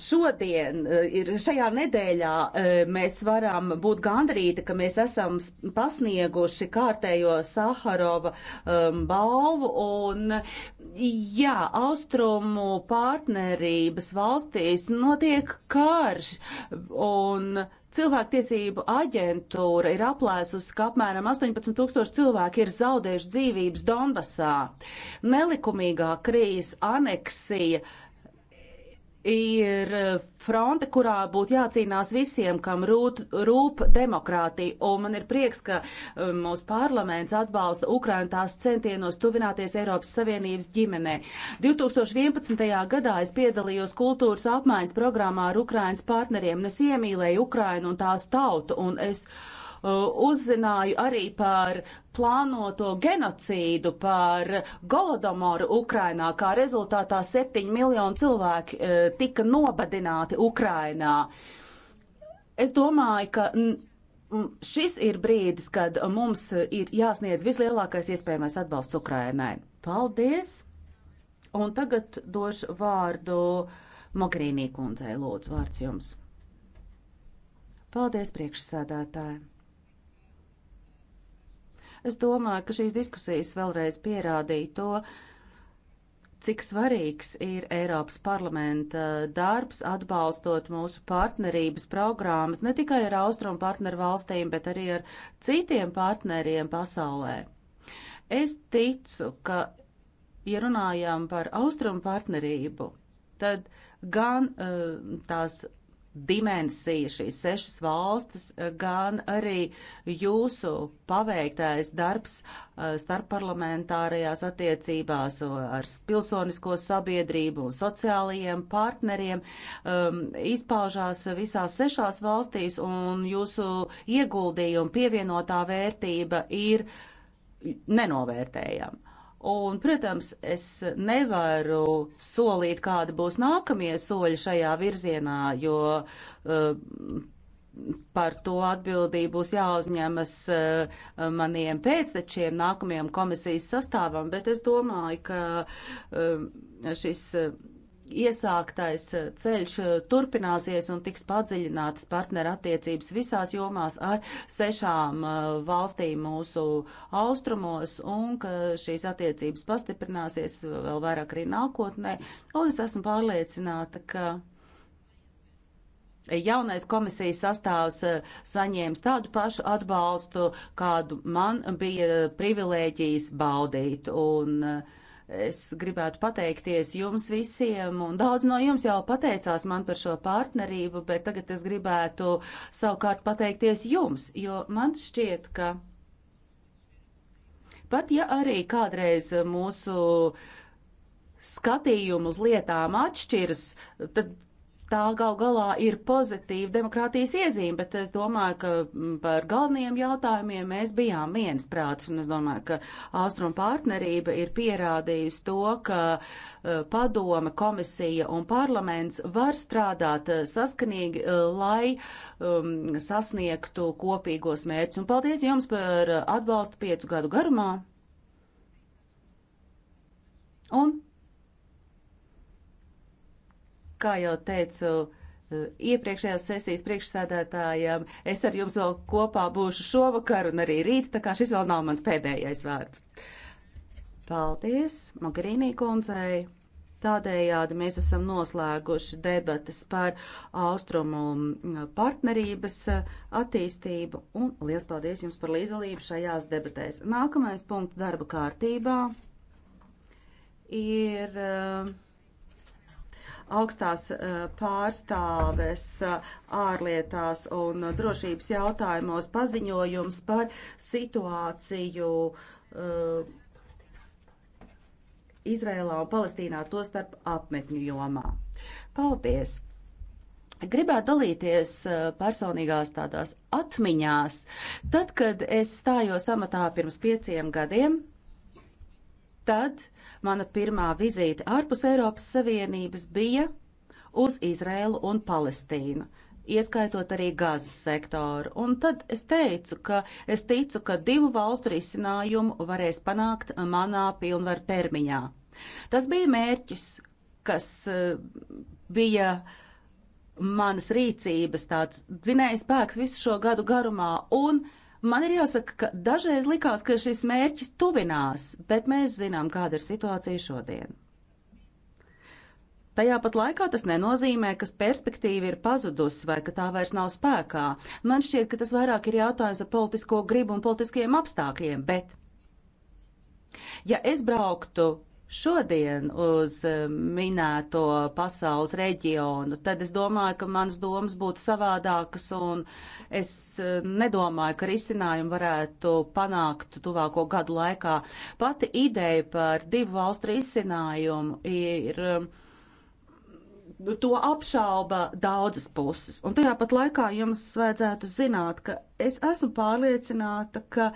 šodien, eh, ir šajā nedēļā eh, mēs varam būt gandrīti, ka mēs esam pasnieguši kārtējo Saharova um, balvu un, jā, austrumu partnerības valstīs notiek karš un Cilvēktiesību aģentūra ir aplēsusi, ka apmēram 18 tūkstoši cilvēki ir zaudējuši dzīvības Donbasā. Nelikumīgā krīzes aneksija uh, ir eh, fronte, kurā būtu jācīnās visiem, kam rūt, rūp demokrātija. Un man ir prieks, ka um, mūsu parlaments atbalsta Ukrainu tās centienos tuvināties Eiropas Savienības ģimenē. 2011. gadā es piedalījos kultūras apmaiņas programmā ar Ukrainas partneriem, un es iemīlēju Ukrainu un tās tautu. Un es, uh, Eh, uzzināju arī par plānoto genocīdu, par Golodomoru Ukrainā, kā rezultātā 7 miljoni cilvēki eh, tika nobadināti Ukrainā. Es domāju, ka šis ir brīdis, kad mums ir jāsniedz vislielākais iespējamais atbalsts Ukrainai. Paldies! Un tagad došu vārdu Mogrīnī kundzei. Lūdzu, vārds jums. Paldies, priekšsēdētāji! Es domāju, ka šīs diskusijas vēlreiz pierādīja to, cik svarīgs ir Eiropas parlamenta darbs atbalstot mūsu partnerības programmas ne tikai ar austrumu partneru valstīm, bet arī ar citiem partneriem pasaulē. Es ticu, ka, ja runājam par austrumu partnerību, tad gan uh, tās dimensija, šīs sešas valstis, eh, gan arī jūsu paveiktais darbs eh, starpparlamentārajās attiecībās ar pilsonisko sabiedrību un sociālajiem partneriem um, izpaužās visās sešās valstīs, un jūsu ieguldījuma pievienotā vērtība ir nenovērtējama. Un, protams, es nevaru solīt, kāda būs nākamie soļi šajā virzienā, jo uh, par to atbildību būs jāuzņemas uh, maniem pēctečiem, nākamajam komisijas sastāvam, bet es domāju, ka uh, šis. Uh, iesāktais eh, ceļš eh, turpināsies un tiks padziļinātas partneru attiecības visās jomās ar sešām eh, valstīm mūsu austrumos un ka šīs attiecības pastiprināsies vēl vairāk arī nākotnē. Un es esmu pārliecināta, ka. Jaunais komisijas sastāvs saņēma tādu pašu atbalstu, kādu man bija privilēģijas baudīt. Un, uh, Es gribētu pateikties jums visiem, un daudz no jums jau pateicās man par šo partnerību, bet tagad es gribētu savukārt pateikties jums, jo man šķiet, ka pat ja arī kādreiz mūsu skatījumu uz lietām atšķiras, tad tā gal galā ir pozitīva demokrātijas iezīme, bet es domāju, ka mm, par galvenajiem jautājumiem mēs bijām viensprātis, un es domāju, ka Austrum partnerība ir pierādījusi to, ka e, padome, komisija un parlaments var strādāt e, saskanīgi, e, lai um, sasniegtu kopīgos mērķus. Un paldies jums par atbalstu piecu gadu garumā. Un Kā jau teicu, eh, iepriekšējās sesijas priekšsēdētājiem, es ar jums vēl kopā būšu šovakar un arī rīt, tā kā šis vēl nav mans pēdējais vārds. Paldies Mogherīnī kundzei. Tādējādi mēs esam noslēguši debatas par austrumu mm, partnerības eh, attīstību un liels paldies jums par līdzdalību šajās debatēs. Nākamais punkts darba kārtībā ir. Eh, augstās eh, pārstāves eh, ārlietās un drošības jautājumos paziņojums par situāciju uh, Izrēlā un Palestīnā, to starp apmetņu jomā. Paldies! Gribētu dalīties personīgās tādās atmiņās. Tad, kad es stājos amatā pirms pieciem gadiem, Tad mana pirmā vizīte ārpus Eiropas Savienības bija uz Izrēlu un Palestīnu, ieskaitot arī gazas sektoru. Un tad es teicu, ka es ticu, ka divu valstu risinājumu varēs panākt manā pilnvaru termiņā. Tas bija mērķis, kas eh, bija manas rīcības tāds dzinējs spēks visu šo gadu garumā, un Man ir jāsaka, ka dažreiz likās, ka šis mērķis tuvinās, bet mēs zinām, kāda ir situācija šodien. Tajā pat laikā tas nenozīmē, ka perspektīva ir pazudusi vai ka tā vairs nav spēkā. Man šķiet, ka tas vairāk ir jautājums par politisko gribu un politiskiem apstākļiem, bet ja es brauktu šodien uz eh, minēto pasaules reģionu, tad es domāju, ka manas domas būtu savādākas un es eh, nedomāju, ka risinājumu varētu panākt tuvāko gadu laikā. Pati ideja par divu valstu risinājumu ir. Um, to apšauba daudzas puses. Un tajā pat laikā jums vajadzētu zināt, ka es esmu pārliecināta, ka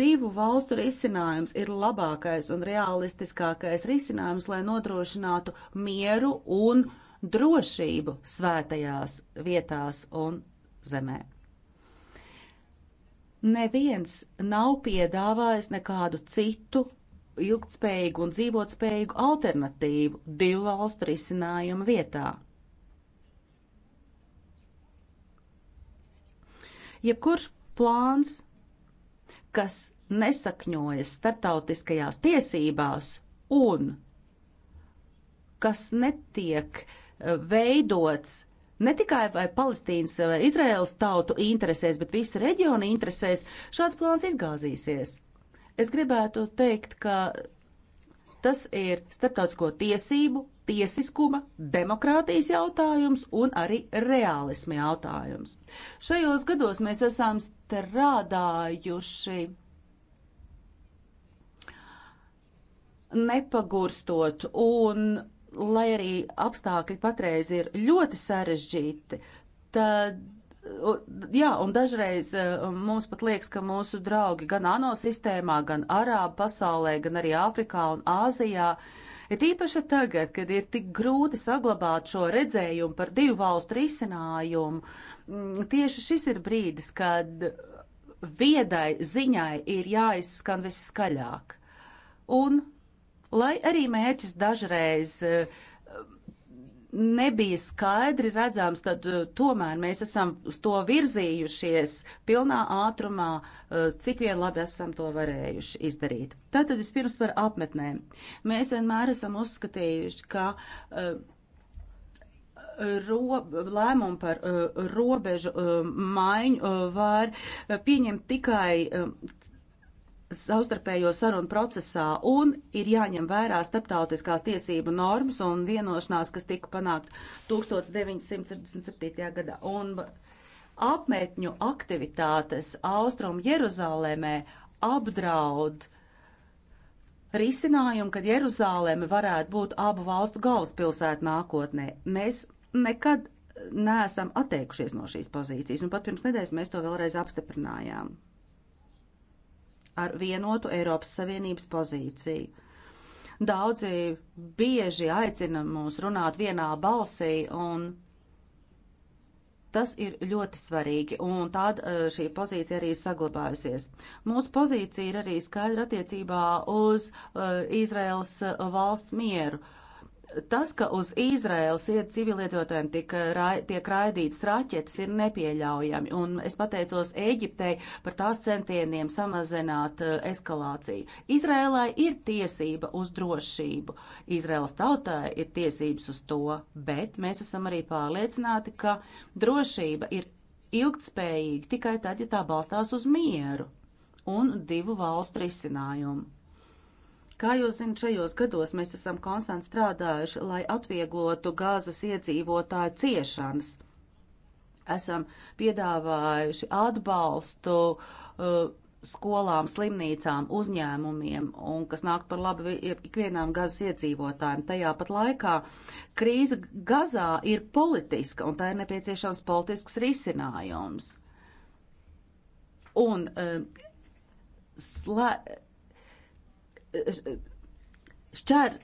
divu valstu risinājums ir labākais un realistiskākais risinājums, lai nodrošinātu mieru un drošību svētajās vietās un zemē. Neviens nav piedāvājis nekādu citu ilgtspējīgu un dzīvotspējīgu alternatīvu divu valstu risinājumu vietā. Jebkurš plāns, kas nesakņojas starptautiskajās tiesībās un kas netiek eh, veidots ne tikai vai Palestīnas vai Izraēlas tautu interesēs, bet visa reģiona interesēs, šāds plāns izgāzīsies. Es gribētu teikt, ka tas ir starptautisko tiesību, tiesiskuma, demokrātijas jautājums un arī realisma jautājums. Šajos gados mēs esam strādājuši nepagurstot un, lai arī apstākļi patreiz ir ļoti sarežģīti, tad jā, un dažreiz e, mums pat liekas, ka mūsu draugi gan ANO sistēmā, gan Arābu pasaulē, gan arī Āfrikā un Āzijā ir īpaši tagad, kad ir tik grūti saglabāt šo redzējumu par divu valstu risinājumu. Tieši šis ir brīdis, kad viedai ziņai ir jāizskan viss skaļāk. Un, lai arī mērķis dažreiz uh, nebija skaidri redzams, tad uh, tomēr mēs esam uz to virzījušies pilnā ātrumā, uh, cik vien labi esam to varējuši izdarīt. Tātad vispirms par apmetnēm. Mēs vienmēr esam uzskatījuši, ka uh, ro, lēmumu par robežu maiņu var pieņemt tikai um, savstarpējo sarunu procesā un ir jāņem vērā starptautiskās tiesību normas un vienošanās, kas tika panākt 1977. gadā. Un apmetņu aktivitātes Austrum Jeruzālēmē apdraud risinājumu, kad Jeruzālēme varētu būt abu valstu galvaspilsēta nākotnē. Mēs nekad neesam atteikušies no šīs pozīcijas, un pat pirms nedēļas mēs to vēlreiz apstiprinājām ar vienotu Eiropas Savienības pozīciju. Daudzi bieži aicina mūs runāt vienā balsī, un tas ir ļoti svarīgi, un tāda eh, šī pozīcija arī saglabājusies. Mūsu pozīcija ir arī skaidra attiecībā uz uh, Izraels eh, valsts mieru. Uh, Tas, ka uz Izraels iet civiliedzīvotājiem rai, tiek raidīts raķetes, ir nepieļaujami, un es pateicos Eģiptei par tās centieniem samazināt uh, eskalāciju. Izrēlai ir tiesība uz drošību, Izraels tautai ir tiesības uz to, bet mēs esam arī pārliecināti, ka drošība ir ilgtspējīga tikai tad, ja tā balstās uz mieru un divu valstu risinājumu. Kā jūs zinat, šajos gados mēs esam konstant strādājuši, lai atvieglotu gāzes iedzīvotāju ciešanas. Esam piedāvājuši atbalstu uh, skolām, slimnīcām, uzņēmumiem, un kas nāk par labu ikvienām gazas iedzīvotājiem. Tajā pat laikā krīze gazā ir politiska, un tā ir nepieciešams politisks risinājums. Un uh, slē, šķēr,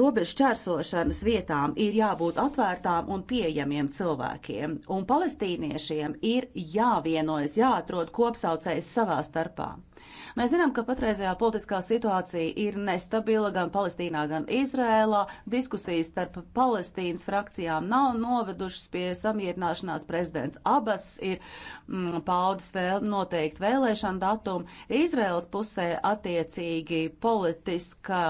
robežu šķērsošanas vietām ir jābūt atvērtām un pieejamiem cilvēkiem, un palestīniešiem ir jāvienojas, jāatrod kopsaucējs savā starpā. Mēs zinām, ka patreizējā politiskā situācija ir nestabila gan Palestīnā, gan Izrēlā. Diskusijas starp Palestīnas frakcijām nav novedušas pie samierināšanās. Prezidents Abas ir mm, paudis vēl noteikti vēlēšanu datumu. Izrēlas pusē attiecīgi politiskā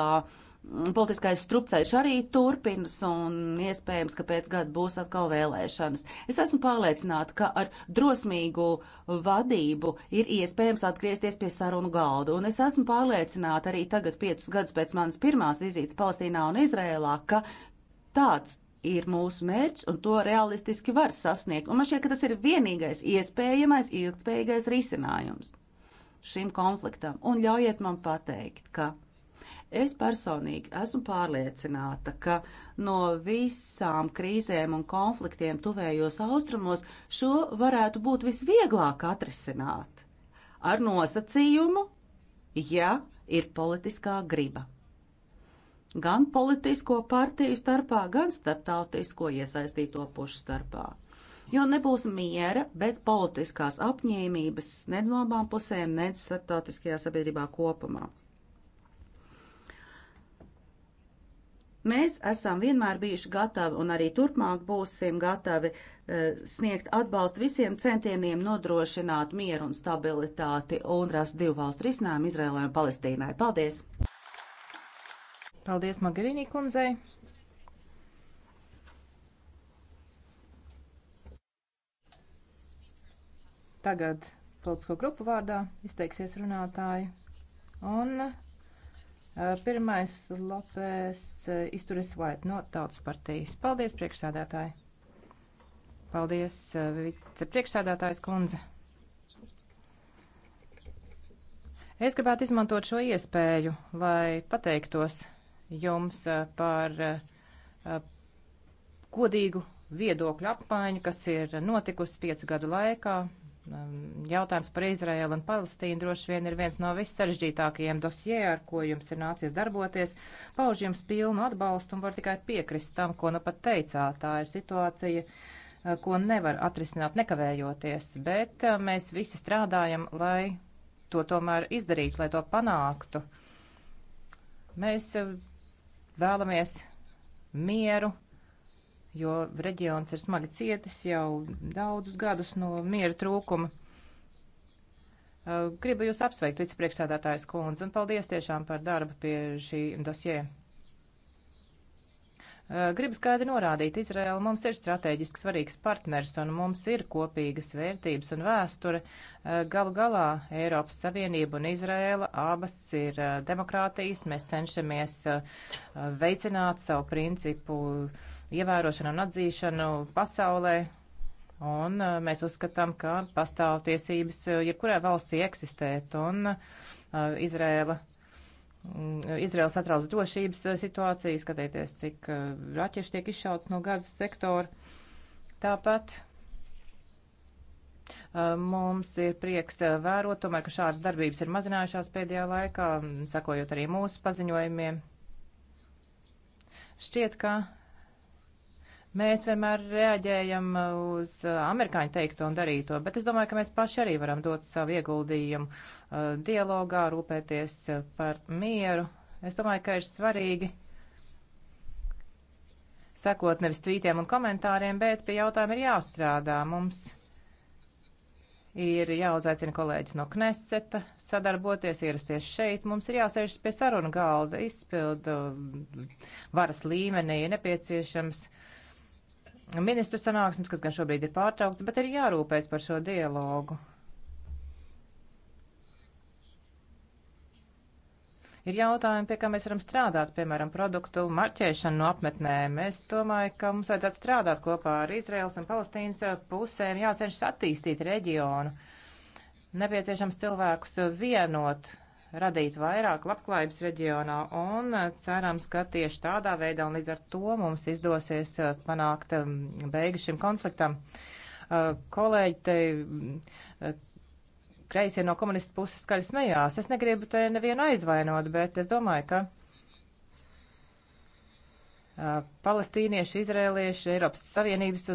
politiskais strupceļš arī turpinas un iespējams, ka pēc gada būs atkal vēlēšanas. Es esmu pārliecināta, ka ar drosmīgu vadību ir iespējams atgriezties pie sarunu galda. Un es esmu pārliecināta arī tagad, piecus gadus pēc manas pirmās vizītes Palestīnā un Izrēlā, ka tāds ir mūsu mērķis un to realistiski var sasniegt. Un man šķiet, ka tas ir vienīgais iespējamais ilgtspējīgais risinājums šim konfliktam. Un ļaujiet man pateikt, ka Es personīgi esmu pārliecināta, ka no visām krīzēm un konfliktiem tuvējos austrumos šo varētu būt visvieglāk atrisināt. Ar nosacījumu, ja ir politiskā griba. Gan politisko partiju starpā, gan starptautisko iesaistīto pušu starpā jo nebūs miera bez politiskās apņēmības nec no abām pusēm, nec starptautiskajā sabiedrībā kopumā. Mēs esam vienmēr bijuši gatavi un arī turpmāk būsim gatavi eh, sniegt atbalstu visiem centieniem nodrošināt mieru un stabilitāti un rast divu valstu risinājumu Izrēlē un Palestīnai. Paldies! Paldies Magarīnī kundzei! Tagad politisko grupu vārdā izteiksies runātāji. Un Uh, pirmais Lopes uh, izturis White no Tautas partijas. Paldies, priekšsādātāji! Paldies, uh, vicepriekšsādātājs kundze! Es gribētu izmantot šo iespēju, lai pateiktos jums par godīgu viedokļu apmaiņu, kas ir notikusi piecu gadu laikā Jautājums par Izraēlu un Palestīnu droši vien ir viens no vissaržģītākajiem dosjē, ar ko jums ir nācies darboties. Pauž jums pilnu atbalstu un var tikai piekrist tam, ko nu pat teicāt. Tā ir situācija, eh, ko nevar atrisināt nekavējoties, bet eh, mēs visi strādājam, lai to tomēr izdarītu, lai to panāktu. Mēs eh, vēlamies mieru, jo reģions ir smagi cietis jau daudzus gadus no miera trūkuma. Gribu jūs apsveikt, vicepriekšsēdētājs kundze, un paldies tiešām par darbu pie šī dosjē. Eh, gribu skaidri norādīt, Izraela mums ir strateģiski svarīgs partners un mums ir kopīgas vērtības un vēsture. Eh, galu galā Eiropas Savienība un Izraela abas ir eh, demokrātijas. Mēs cenšamies veicināt savu principu ievērošanu un atzīšanu pasaulē. Un mēs uzskatām, ka pastāv tiesības jebkurai valstī eksistēt, un Izraela Mm, Izraels atrauc drošības eh, situāciju, skatieties, cik eh, raķeši tiek izšauts no gazas sektora. Tāpat eh, mums ir prieks vērot, tomēr, ka šādas darbības ir mazinājušās pēdējā laikā, mm, sakojot arī mūsu paziņojumiem. Šķiet, ka Mēs vienmēr reaģējam uz uh, amerikāņu teikto un darīto, bet es domāju, ka mēs paši arī varam dot savu ieguldījumu uh, dialogā, rūpēties uh, par mieru. Es domāju, ka ir svarīgi sekot nevis tvītiem un komentāriem, bet pie jautājuma ir jāstrādā. Mums ir jāuzaicina kolēģis no Kneseta sadarboties, ierasties šeit. Mums ir jāsēžas pie sarunu galda, izpildu um, varas līmenī, nepieciešams. Uh, ministru sanāksmes, kas gan šobrīd ir pārtraukts, bet ir jārūpēs par šo dialogu. Ir jautājumi, pie kā mēs varam strādāt, piemēram, produktu marķēšanu no apmetnēm. Es domāju, ka mums vajadzētu strādāt kopā ar Izraels un Palestīnas pusēm, jācenšas attīstīt reģionu. Nepieciešams cilvēkus vienot radīt vairāk labklājības reģionā un eh, cerams, ka tieši tādā veidā un līdz ar to mums izdosies eh, panākt mm, beigu šim konfliktam. Eh, kolēģi te mm, kreisie no komunistu puses skaļi smējās. Es negribu te nevienu aizvainot, bet es domāju, ka uh, palestīnieši, izrēlieši, Eiropas Savienības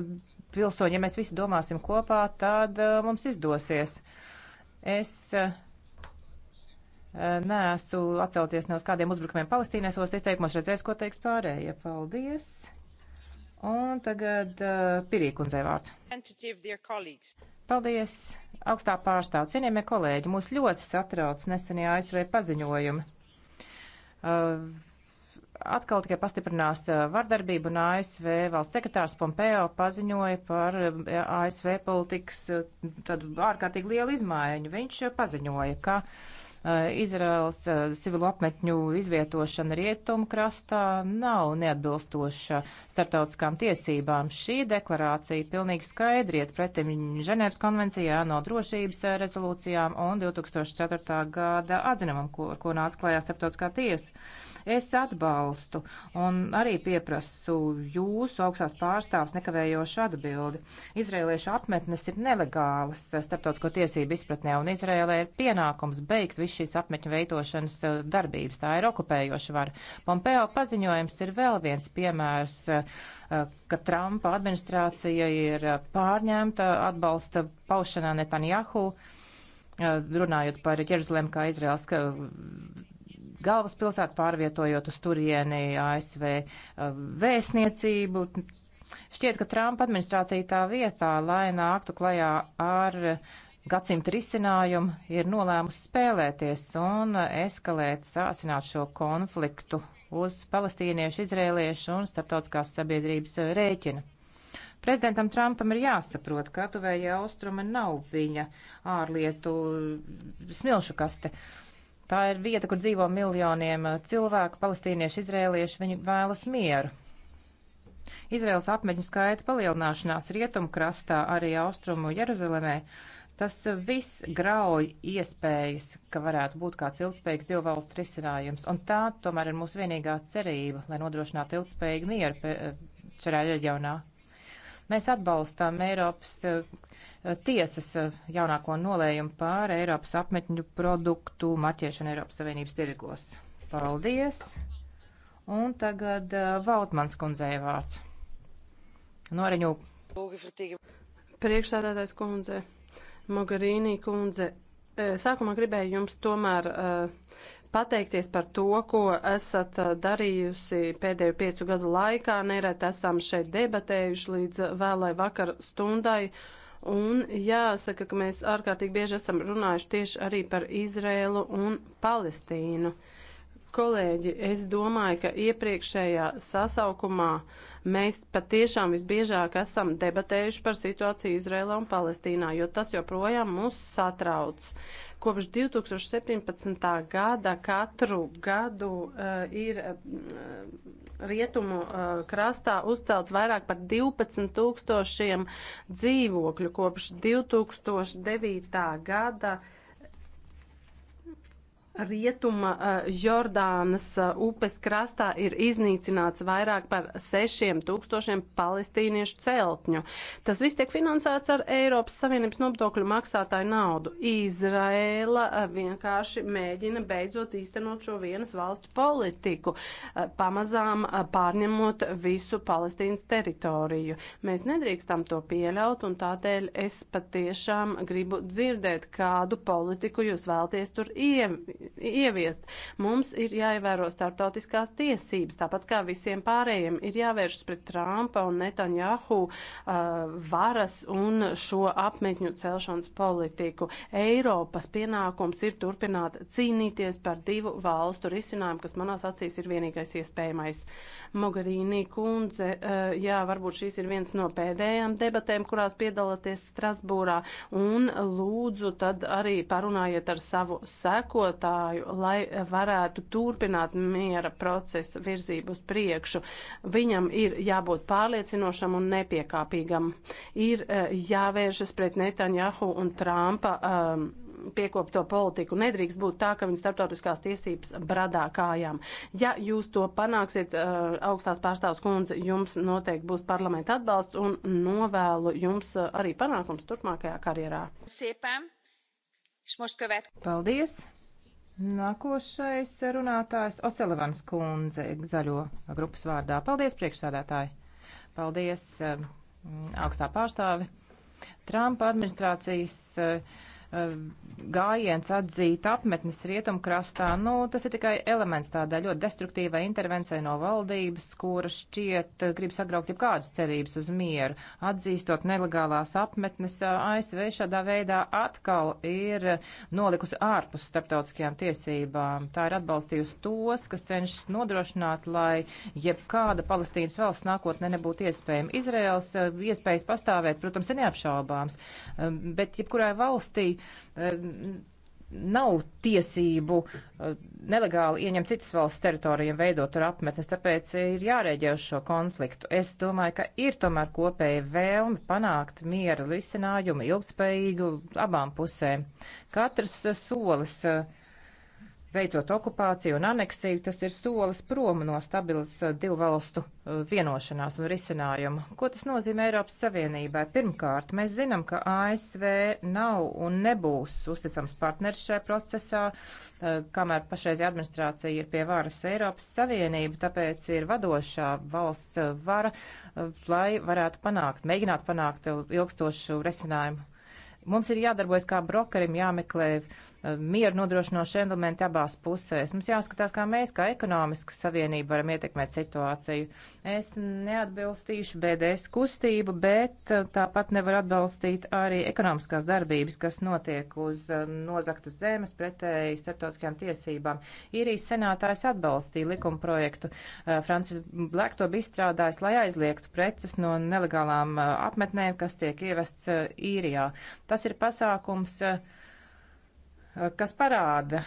pilsoņi, ja mēs visi domāsim kopā, tad uh, mums izdosies. Es uh, neesmu atsaucies no kādiem uzbrukumiem Palestīnai, savos izteikumos redzēs, ko teiks pārējie. Paldies! Un tagad uh, Pirīkundze vārds. Paldies, augstā pārstāv. Cienījamie kolēģi, mūs ļoti satrauc nesenie ASV paziņojumi. Uh, atkal tikai pastiprinās uh, vardarbību, un ASV valsts sekretārs Pompeo paziņoja par uh, ASV politikas uh, tādu ārkārtīgi lielu izmaiņu. Viņš paziņoja, ka uh, Eh, Izraels eh, civilu apmetņu izvietošana rietumu krastā nav neatbilstoša starptautiskām tiesībām. Šī deklarācija pilnīgi skaidriet pretim Ženēvas konvencijā no drošības eh, rezolūcijām un 2004. gada atzinumam, ko, ko nāca klājā starptautiskā tiesa es atbalstu un arī pieprasu jūsu augstās pārstāvs nekavējošu atbildi. Izrēliešu apmetnes ir nelegālas starptautisko tiesību izpratnē, un Izrēlē ir pienākums beigt visu šīs apmetņu veidošanas eh, darbības. Tā ir okupējoša vara. Pompeo paziņojums ir vēl viens piemērs, eh, ka Trumpa administrācija ir pārņemta atbalsta paušanā Netanjahu eh, runājot par Jeruzalem kā Izraels galvaspilsētu, pārvietojot uz turieni ASV uh, vēstniecību. Šķiet, ka Trumpa administrācija tā vietā, lai nāktu klajā ar gadsimta risinājumu, ir nolēmusi spēlēties un eskalēt, sāsināt šo konfliktu uz palestīniešu, izrēliešu un starptautiskās sabiedrības uh, rēķina. Prezidentam Trumpam ir jāsaprot, ka tuvējie austrumi nav viņa ārlietu smilšu kaste. Uh, Tā ir vieta, kur dzīvo miljoniem uh, cilvēku, palestīnieši, izrēlieši, viņi vēlas mieru. Izraels apmeņu skaita palielināšanās rietumkrastā, arī austrumu Jeruzalemē, tas uh, viss grauj iespējas, ka varētu būt kāds ilgspējīgs divu valstu risinājums, un tā tomēr ir mūsu vienīgā cerība, lai nodrošinātu ilgspējīgu mieru uh, šajā reģionā. Mēs atbalstām Eiropas eh, tiesas eh, jaunāko nolējumu pār Eiropas apmetņu produktu marķēšanu Eiropas Savienības tirgos. Paldies! Un tagad eh, Vautmans kundzei vārds. Noreņū. Priekšsādātājs kundze, Mogarīnī kundze, sākumā gribēju jums tomēr uh, pateikties par to, ko esat uh, darījusi pēdējo piecu gadu laikā. Nereti esam šeit debatējuši līdz uh, vēlai vakar stundai. Un jāsaka, ka mēs ārkārtīgi bieži esam runājuši tieši arī par Izrēlu un Palestīnu. Kolēģi, es domāju, ka iepriekšējā sasaukumā mēs patiešām visbiežāk esam debatējuši par situāciju Izrēlā un Palestīnā, jo tas joprojām mūs satrauc. Uh, Kopš 2017. gada katru gadu uh, ir uh, rietumu uh, krastā uzcelts vairāk par 12 tūkstošiem dzīvokļu. Kopš 2009. gada uh, Rietuma eh, Jordānas eh, upes krastā ir iznīcināts vairāk par 6000 palestīniešu celtņu. Tas viss tiek finansēts ar Eiropas Savienības nodokļu maksātāju naudu. Izraela eh, vienkārši mēģina beidzot īstenot šo vienas valsts politiku, pamazām pārņemot visu Palestīnas teritoriju. Mēs nedrīkstam to pieļaut, un tādēļ es patiešām gribu dzirdēt, kādu politiku jūs vēlties tur ieviest ieviest. Mums ir jāievēro starptautiskās tiesības, tāpat kā visiem pārējiem ir jāvēršas pret Trumpa un Netanjahu uh, varas un šo apmetņu celšanas politiku. Eiropas pienākums ir turpināt cīnīties par divu valstu risinājumu, kas manās acīs ir vienīgais iespējamais. Mogarīnī kundze, uh, jā, varbūt šīs ir viens no pēdējām debatēm, kurās piedalāties Strasbūrā, un lūdzu tad arī parunājiet ar savu sekotā nostāju, lai varētu turpināt miera procesa virzību uz priekšu. Viņam ir jābūt pārliecinošam un nepiekāpīgam. Ir e, jāvēršas pret Netanjahu un Trumpa um, piekopto politiku. Nedrīkst būt tā, ka viņi starptautiskās tiesības bradā kājām. Ja jūs to panāksiet, e, augstās pārstāvs kundze, jums noteikti būs parlamenta atbalsts un novēlu jums arī panākums turpmākajā karjerā. Paldies! Nākošais runātājs Oselevans kundze zaļo grupas vārdā. Paldies, priekšsādātāji! Paldies, eh, augstā pārstāve! Trumpa administrācijas uh, Eh, gājiens atzīt apmetnes rietumkrastā, nu, tas ir tikai elements tādai ļoti destruktīvai intervencijai no valdības, kura šķiet eh, grib sagraukt jau kādas cerības uz mieru. Atzīstot nelegālās apmetnes, eh, ASV šādā veidā atkal ir nolikusi ārpus starptautiskajām tiesībām. Tā ir atbalstījusi tos, kas cenšas nodrošināt, lai jebkāda Palestīnas valsts nākotnē nebūtu iespējama. Izraels iespējas pastāvēt, protams, ir neapšaubāms, bet jebkurai valstī Eh, nav tiesību eh, nelegāli ieņemt citas valsts teritorijām, veidot tur apmetnes, tāpēc ir jārēģē uz šo konfliktu. Es domāju, ka ir tomēr kopēja vēlme panākt miera risinājumu ilgspējīgu abām pusēm. Katrs eh, solis uh, Veicot okupāciju un aneksiju, tas ir solis prom no stabilas eh, divu valstu eh, vienošanās un risinājuma. Ko tas nozīmē Eiropas Savienībai? Pirmkārt, mēs zinām, ka ASV nav un nebūs uzticams partners šajā procesā, eh, kamēr pašreiz administrācija ir pie varas Eiropas Savienība, tāpēc ir vadošā valsts vara, lai varētu panākt, mēģināt panākt ilgstošu risinājumu Mums ir jādarbojas kā brokerim, jāmeklē eh, mieru nodrošinoši elementi abās pusēs. Mums jāskatās, kā mēs, kā ekonomiska savienība, varam ietekmēt situāciju. Es neatbilstīšu BDS kustību, bet eh, tāpat nevar atbalstīt arī ekonomiskās darbības, kas notiek uz eh, nozaktas zemes pretēji starptautiskajām tiesībām. Īrijas senātājs atbalstīja likuma projektu. Francis Black to bija izstrādājis, lai aizliegtu preces no nelegālām apmetnēm, kas tiek ievests īrijā. Tas ir pasākums, eh, kas parāda,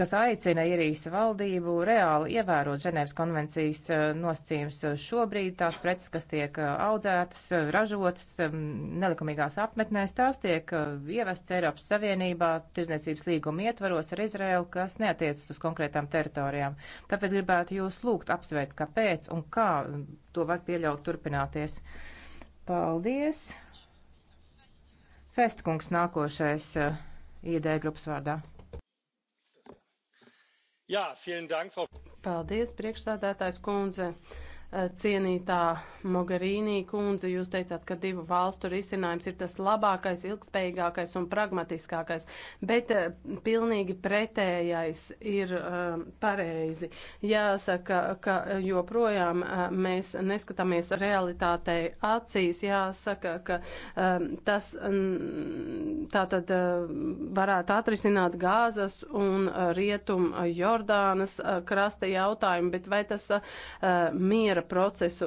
kas aicina Irijas valdību reāli ievērot Ženēvas konvencijas eh, nosacījums. Šobrīd tās preces, kas tiek eh, audzētas, ražotas nelikumīgās apmetnēs, tās tiek ievestas Eiropas Savienībā tirzniecības līguma ietvaros ar Izraelu, kas neatiecas uz konkrētām teritorijām. Tāpēc gribētu jūs lūgt apsvērt, kāpēc un kā to var pieļaut turpināties. Paldies! Festkungs nākošais uh, eh, ID grupas vārdā. Jā, dank, Frau... Paldies, priekšsādātājs kundze. Uh, Eh, cienītā Mogarīnī kundze, jūs teicāt, ka divu valstu risinājums ir tas labākais, ilgspējīgākais un pragmatiskākais, bet eh, pilnīgi pretējais ir eh, pareizi. Jāsaka, ka joprojām mēs neskatāmies realitātei acīs, jāsaka, ka tas tātad varētu atrisināt gāzas un rietum Jordānas krasta jautājumu, bet vai tas miera miera procesu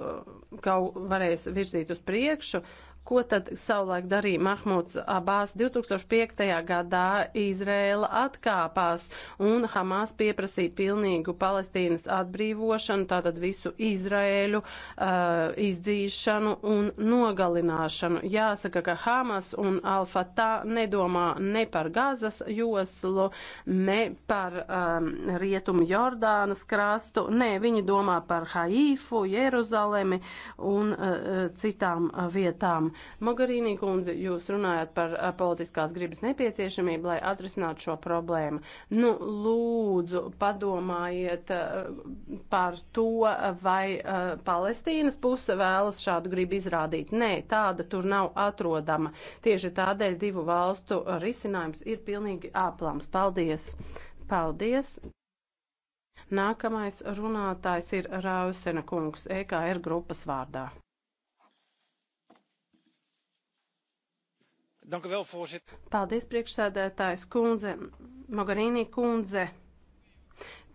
kaut varēs virzīt uz priekšu, Ko tad savulaik darīja Mahmuds Abās? 2005. gadā Izrēla atkāpās un Hamas pieprasīja pilnīgu Palestīnas atbrīvošanu, tātad visu Izrēļu uh, izdzīšanu un nogalināšanu. Jāsaka, ka Hamas un Al-Fatā nedomā ne par Gazas joslu, ne par um, Rietumu Jordānas krastu, nē, viņi domā par Haifu, Jeruzalemi un uh, uh citām uh, vietām. Mogarīnī kundze, jūs runājat par eh, politiskās gribas nepieciešamību, lai atrisinātu šo problēmu. Nu, lūdzu, padomājiet eh, par to, vai eh, Palestīnas puse vēlas šādu gribu izrādīt. Nē, tāda tur nav atrodama. Tieši tādēļ divu valstu risinājums ir pilnīgi āplams. Paldies! Paldies! Nākamais runātājs ir Rausena kungs EKR grupas vārdā. Paldies, priekšsēdētājs kundze, Mogarīnī kundze.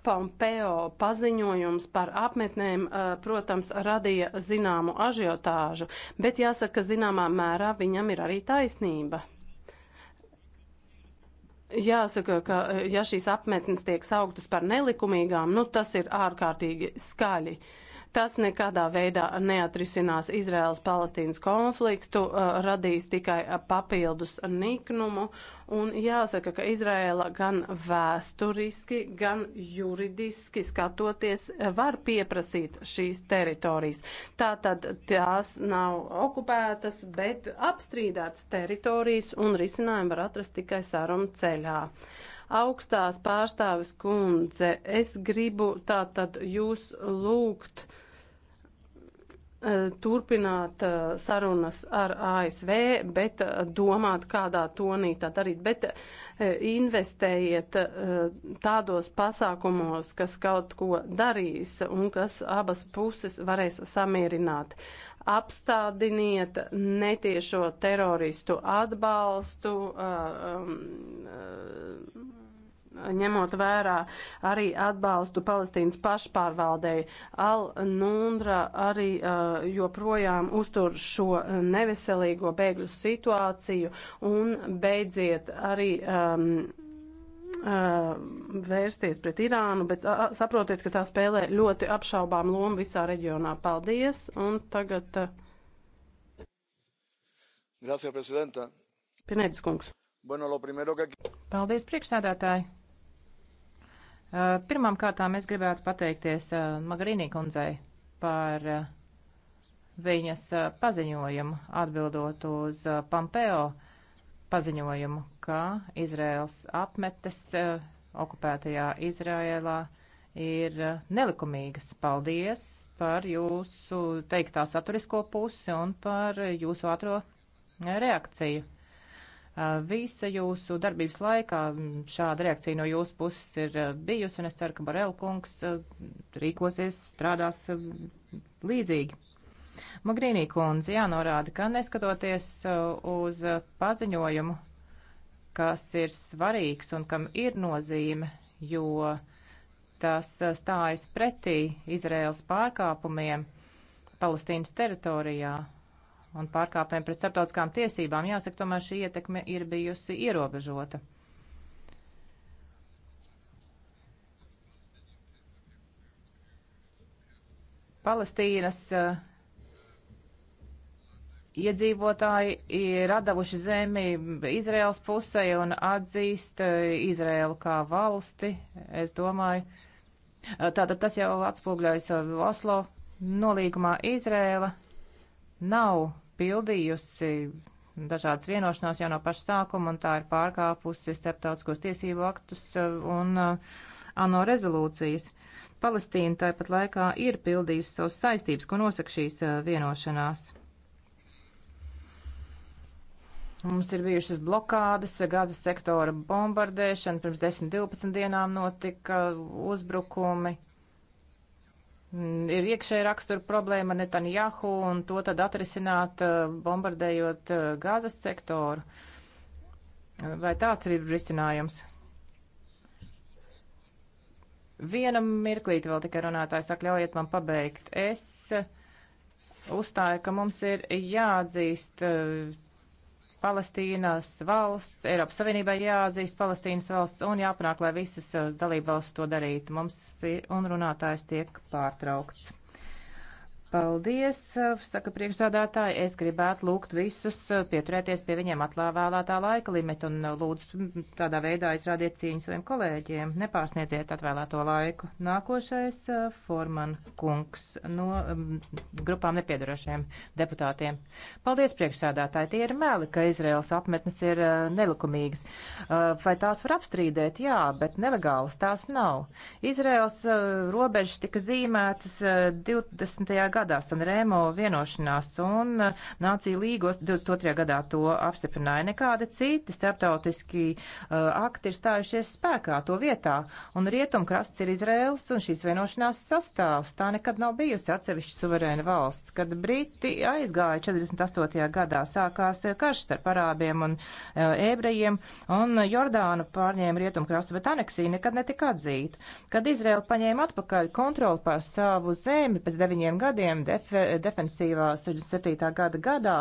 Pompeo paziņojums par apmetnēm, eh, protams, radīja zināmu ažiotāžu, bet jāsaka, ka zināmā mērā viņam ir arī taisnība. Jāsaka, ka eh, ja šīs apmetnes tiek sauktas par nelikumīgām, nu tas ir ārkārtīgi skaļi. Uh, Tas nekādā veidā neatrisinās Izraels-Palestīnas konfliktu, uh, radīs tikai uh, papildus niknumu. Un jāsaka, ka Izraela gan vēsturiski, gan juridiski skatoties uh, var pieprasīt šīs teritorijas. Tātad tās nav okupētas, bet apstrīdētas teritorijas un risinājumu var atrast tikai sarunu ceļā. Augstās pārstāvis kundze, es gribu tātad jūs lūgt eh, turpināt eh, sarunas ar ASV, bet eh, domāt, kādā tonī tā darīt, bet investējiet tādos pasākumos, kas kaut ko darīs un kas abas puses varēs samierināt. Apstādiniet netiešo teroristu atbalstu. Uh, um, uh, ņemot vērā arī atbalstu Palestīnas pašpārvaldei. Al-Nundra arī uh, joprojām uztur šo neveselīgo bēgļu situāciju un beidziet arī. Um, uh, vērsties pret Irānu, bet uh, saprotiet, ka tā spēlē ļoti apšaubām lomu visā reģionā. Paldies! Un tagad. Uh... Gracias, prezidenta. Pinēdis kungs. Bueno, lo primero que... Paldies, priekšsēdētāji! Eh, pirmām kārtām es gribētu pateikties eh, Magarinī kundzei par eh, viņas paziņojumu atbildot uz Pompeo paziņojumu, ka Izraels apmetes okupētajā Izraēlā ir nelikumīgas. Paldies par jūsu teiktā saturisko pusi un par jūsu ātro reakciju. Visa jūsu darbības laikā šāda reakcija no jūsu puses ir bijusi, un es ceru, ka Barel kungs rīkosies, strādās līdzīgi. Magrīnī kundze jānorāda, ka neskatoties uz paziņojumu, kas ir svarīgs un kam ir nozīme, jo tas stājas pretī Izraels pārkāpumiem Palestīnas teritorijā un pārkāpēm pret starptautiskām tiesībām, jāsaka, tomēr šī ietekme ir bijusi ierobežota. Palestīnas uh, iedzīvotāji ir atdevuši zemi Izraels pusē un atzīst eh, Izraelu kā valsti, es domāju. Eh, tātad tas jau atspūgļojas Oslo nolīgumā Izraela nav pildījusi dažādas vienošanās jau no paša sākuma, un tā ir pārkāpusi starptautiskos tiesību aktus e, un e, ANO rezolūcijas. Palestīna tāpat laikā ir pildījusi savas saistības, ko nosaka šīs e, vienošanās. Mums ir bijušas blokādes, gazas sektora bombardēšana, pirms 10-12 dienām notika uzbrukumi Mm, ir iekšēja rakstura problēma Netanjahu un to tad atrisināt uh, bombardējot uh, gāzes sektoru. Vai tāds ir risinājums? Viena mirklīte vēl tikai runātājs saka, ļaujiet man pabeigt. Es uh, uzstāju, ka mums ir jāatzīst Palestīnas valsts, Eiropas Savienībai jāatzīst Palestīnas valsts un jāpanāk, lai visas eh, dalība valsts to darītu. Mums ir un runātājs tiek pārtraukts. Paldies, eh, saka priekšsādātāji. Es gribētu lūgt visus eh, pieturēties pie viņiem atlāvēlētā laika limita un eh, lūdzu tādā veidā izrādiet cīņu saviem kolēģiem. Nepārsniedziet atvēlēto laiku. Nākošais Forman kungs no grupām nepiedarošiem deputātiem. Paldies, priekšsādātāji. Tie ir meli, ka Izraels apmetnes ir nelikumīgas. Vai tās var apstrīdēt? Jā, bet nelegālas tās nav. Izraels robežas tika zīmētas 20. gadā gadā Sanremo vienošanās un uh, Nācija līgos 22. gadā to apstiprināja. Nekādi citi starptautiski uh, akti ir stājušies spēkā to vietā, un rietumkrasts ir Izraels un šīs vienošanās sastāvs. Tā nekad nav bijusi atsevišķa suverēna valsts, kad Briti aizgāja 48. gadā, sākās uh, karš starp arābiem un ebrejiem, un Jordāna pārņēma rietumkrastu, bet aneksija nekad netika atzīta. Kad Izraela paņēma atpakaļ kontroli pār savu zemi pēc deviņiem gadiem, gadiem def defensīvā 67. gada gadā,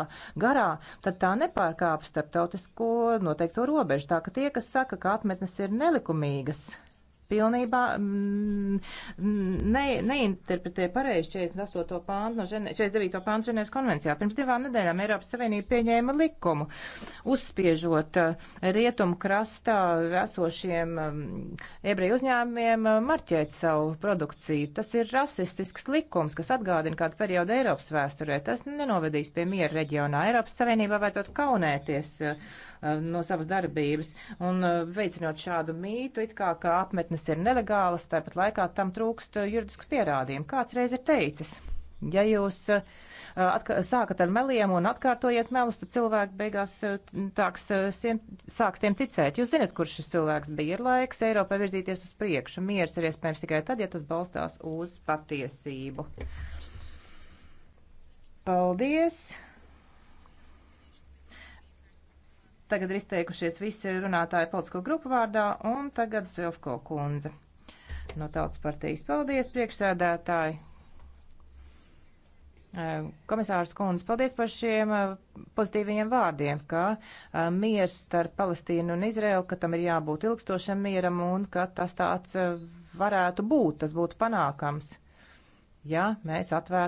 garā, tad tā nepārkāp starptautisko noteikto robežu. Tā ka tie, kas saka, ka apmetnes ir nelikumīgas, pilnībā mm, mm, ne, neinterpretē pareizi 48. pāntu no žene, 49. pāntu Ženēvas konvencijā. Pirms divām nedēļām Eiropas Savienība pieņēma likumu, uzspiežot eh, rietumu krastā esošiem mm, ebreju uzņēmumiem eh, marķēt savu produkciju. Tas ir rasistisks likums, kas atgādina kādu periodu Eiropas vēsturē. Tas nenovedīs pie miera reģionā. Eiropas Savienībā vajadzētu kaunēties eh, no savas darbības un veicinot šādu mītu, it kā, kā apmetnes kuras ir nelegālas, tāpat laikā tam trūkst uh, juridisku pierādījumu. Kāds reiz ir teicis, ja jūs uh, sākat ar meliem un atkārtojiet melus, tad cilvēki beigās uh, tāks, sāks tiem ticēt. Jūs zinat, kurš šis cilvēks bija. Ir laiks Eiropai virzīties uz priekšu. Miers ir iespējams tikai tad, ja tas balstās uz patiesību. Paldies! Tagad ir izteikušies visi runātāji politisko grupu vārdā, un tagad Zilfko kundze. No tautas partijas paldies, priekšsēdētāji. Komisārs Kundze, paldies par šiem pozitīviem vārdiem, ka miers starp Palestīnu un Izraēlu, ka tam ir jābūt ilgstošam mieram un ka tas tāds varētu būt, tas būtu panākams, ja mēs atvērtu.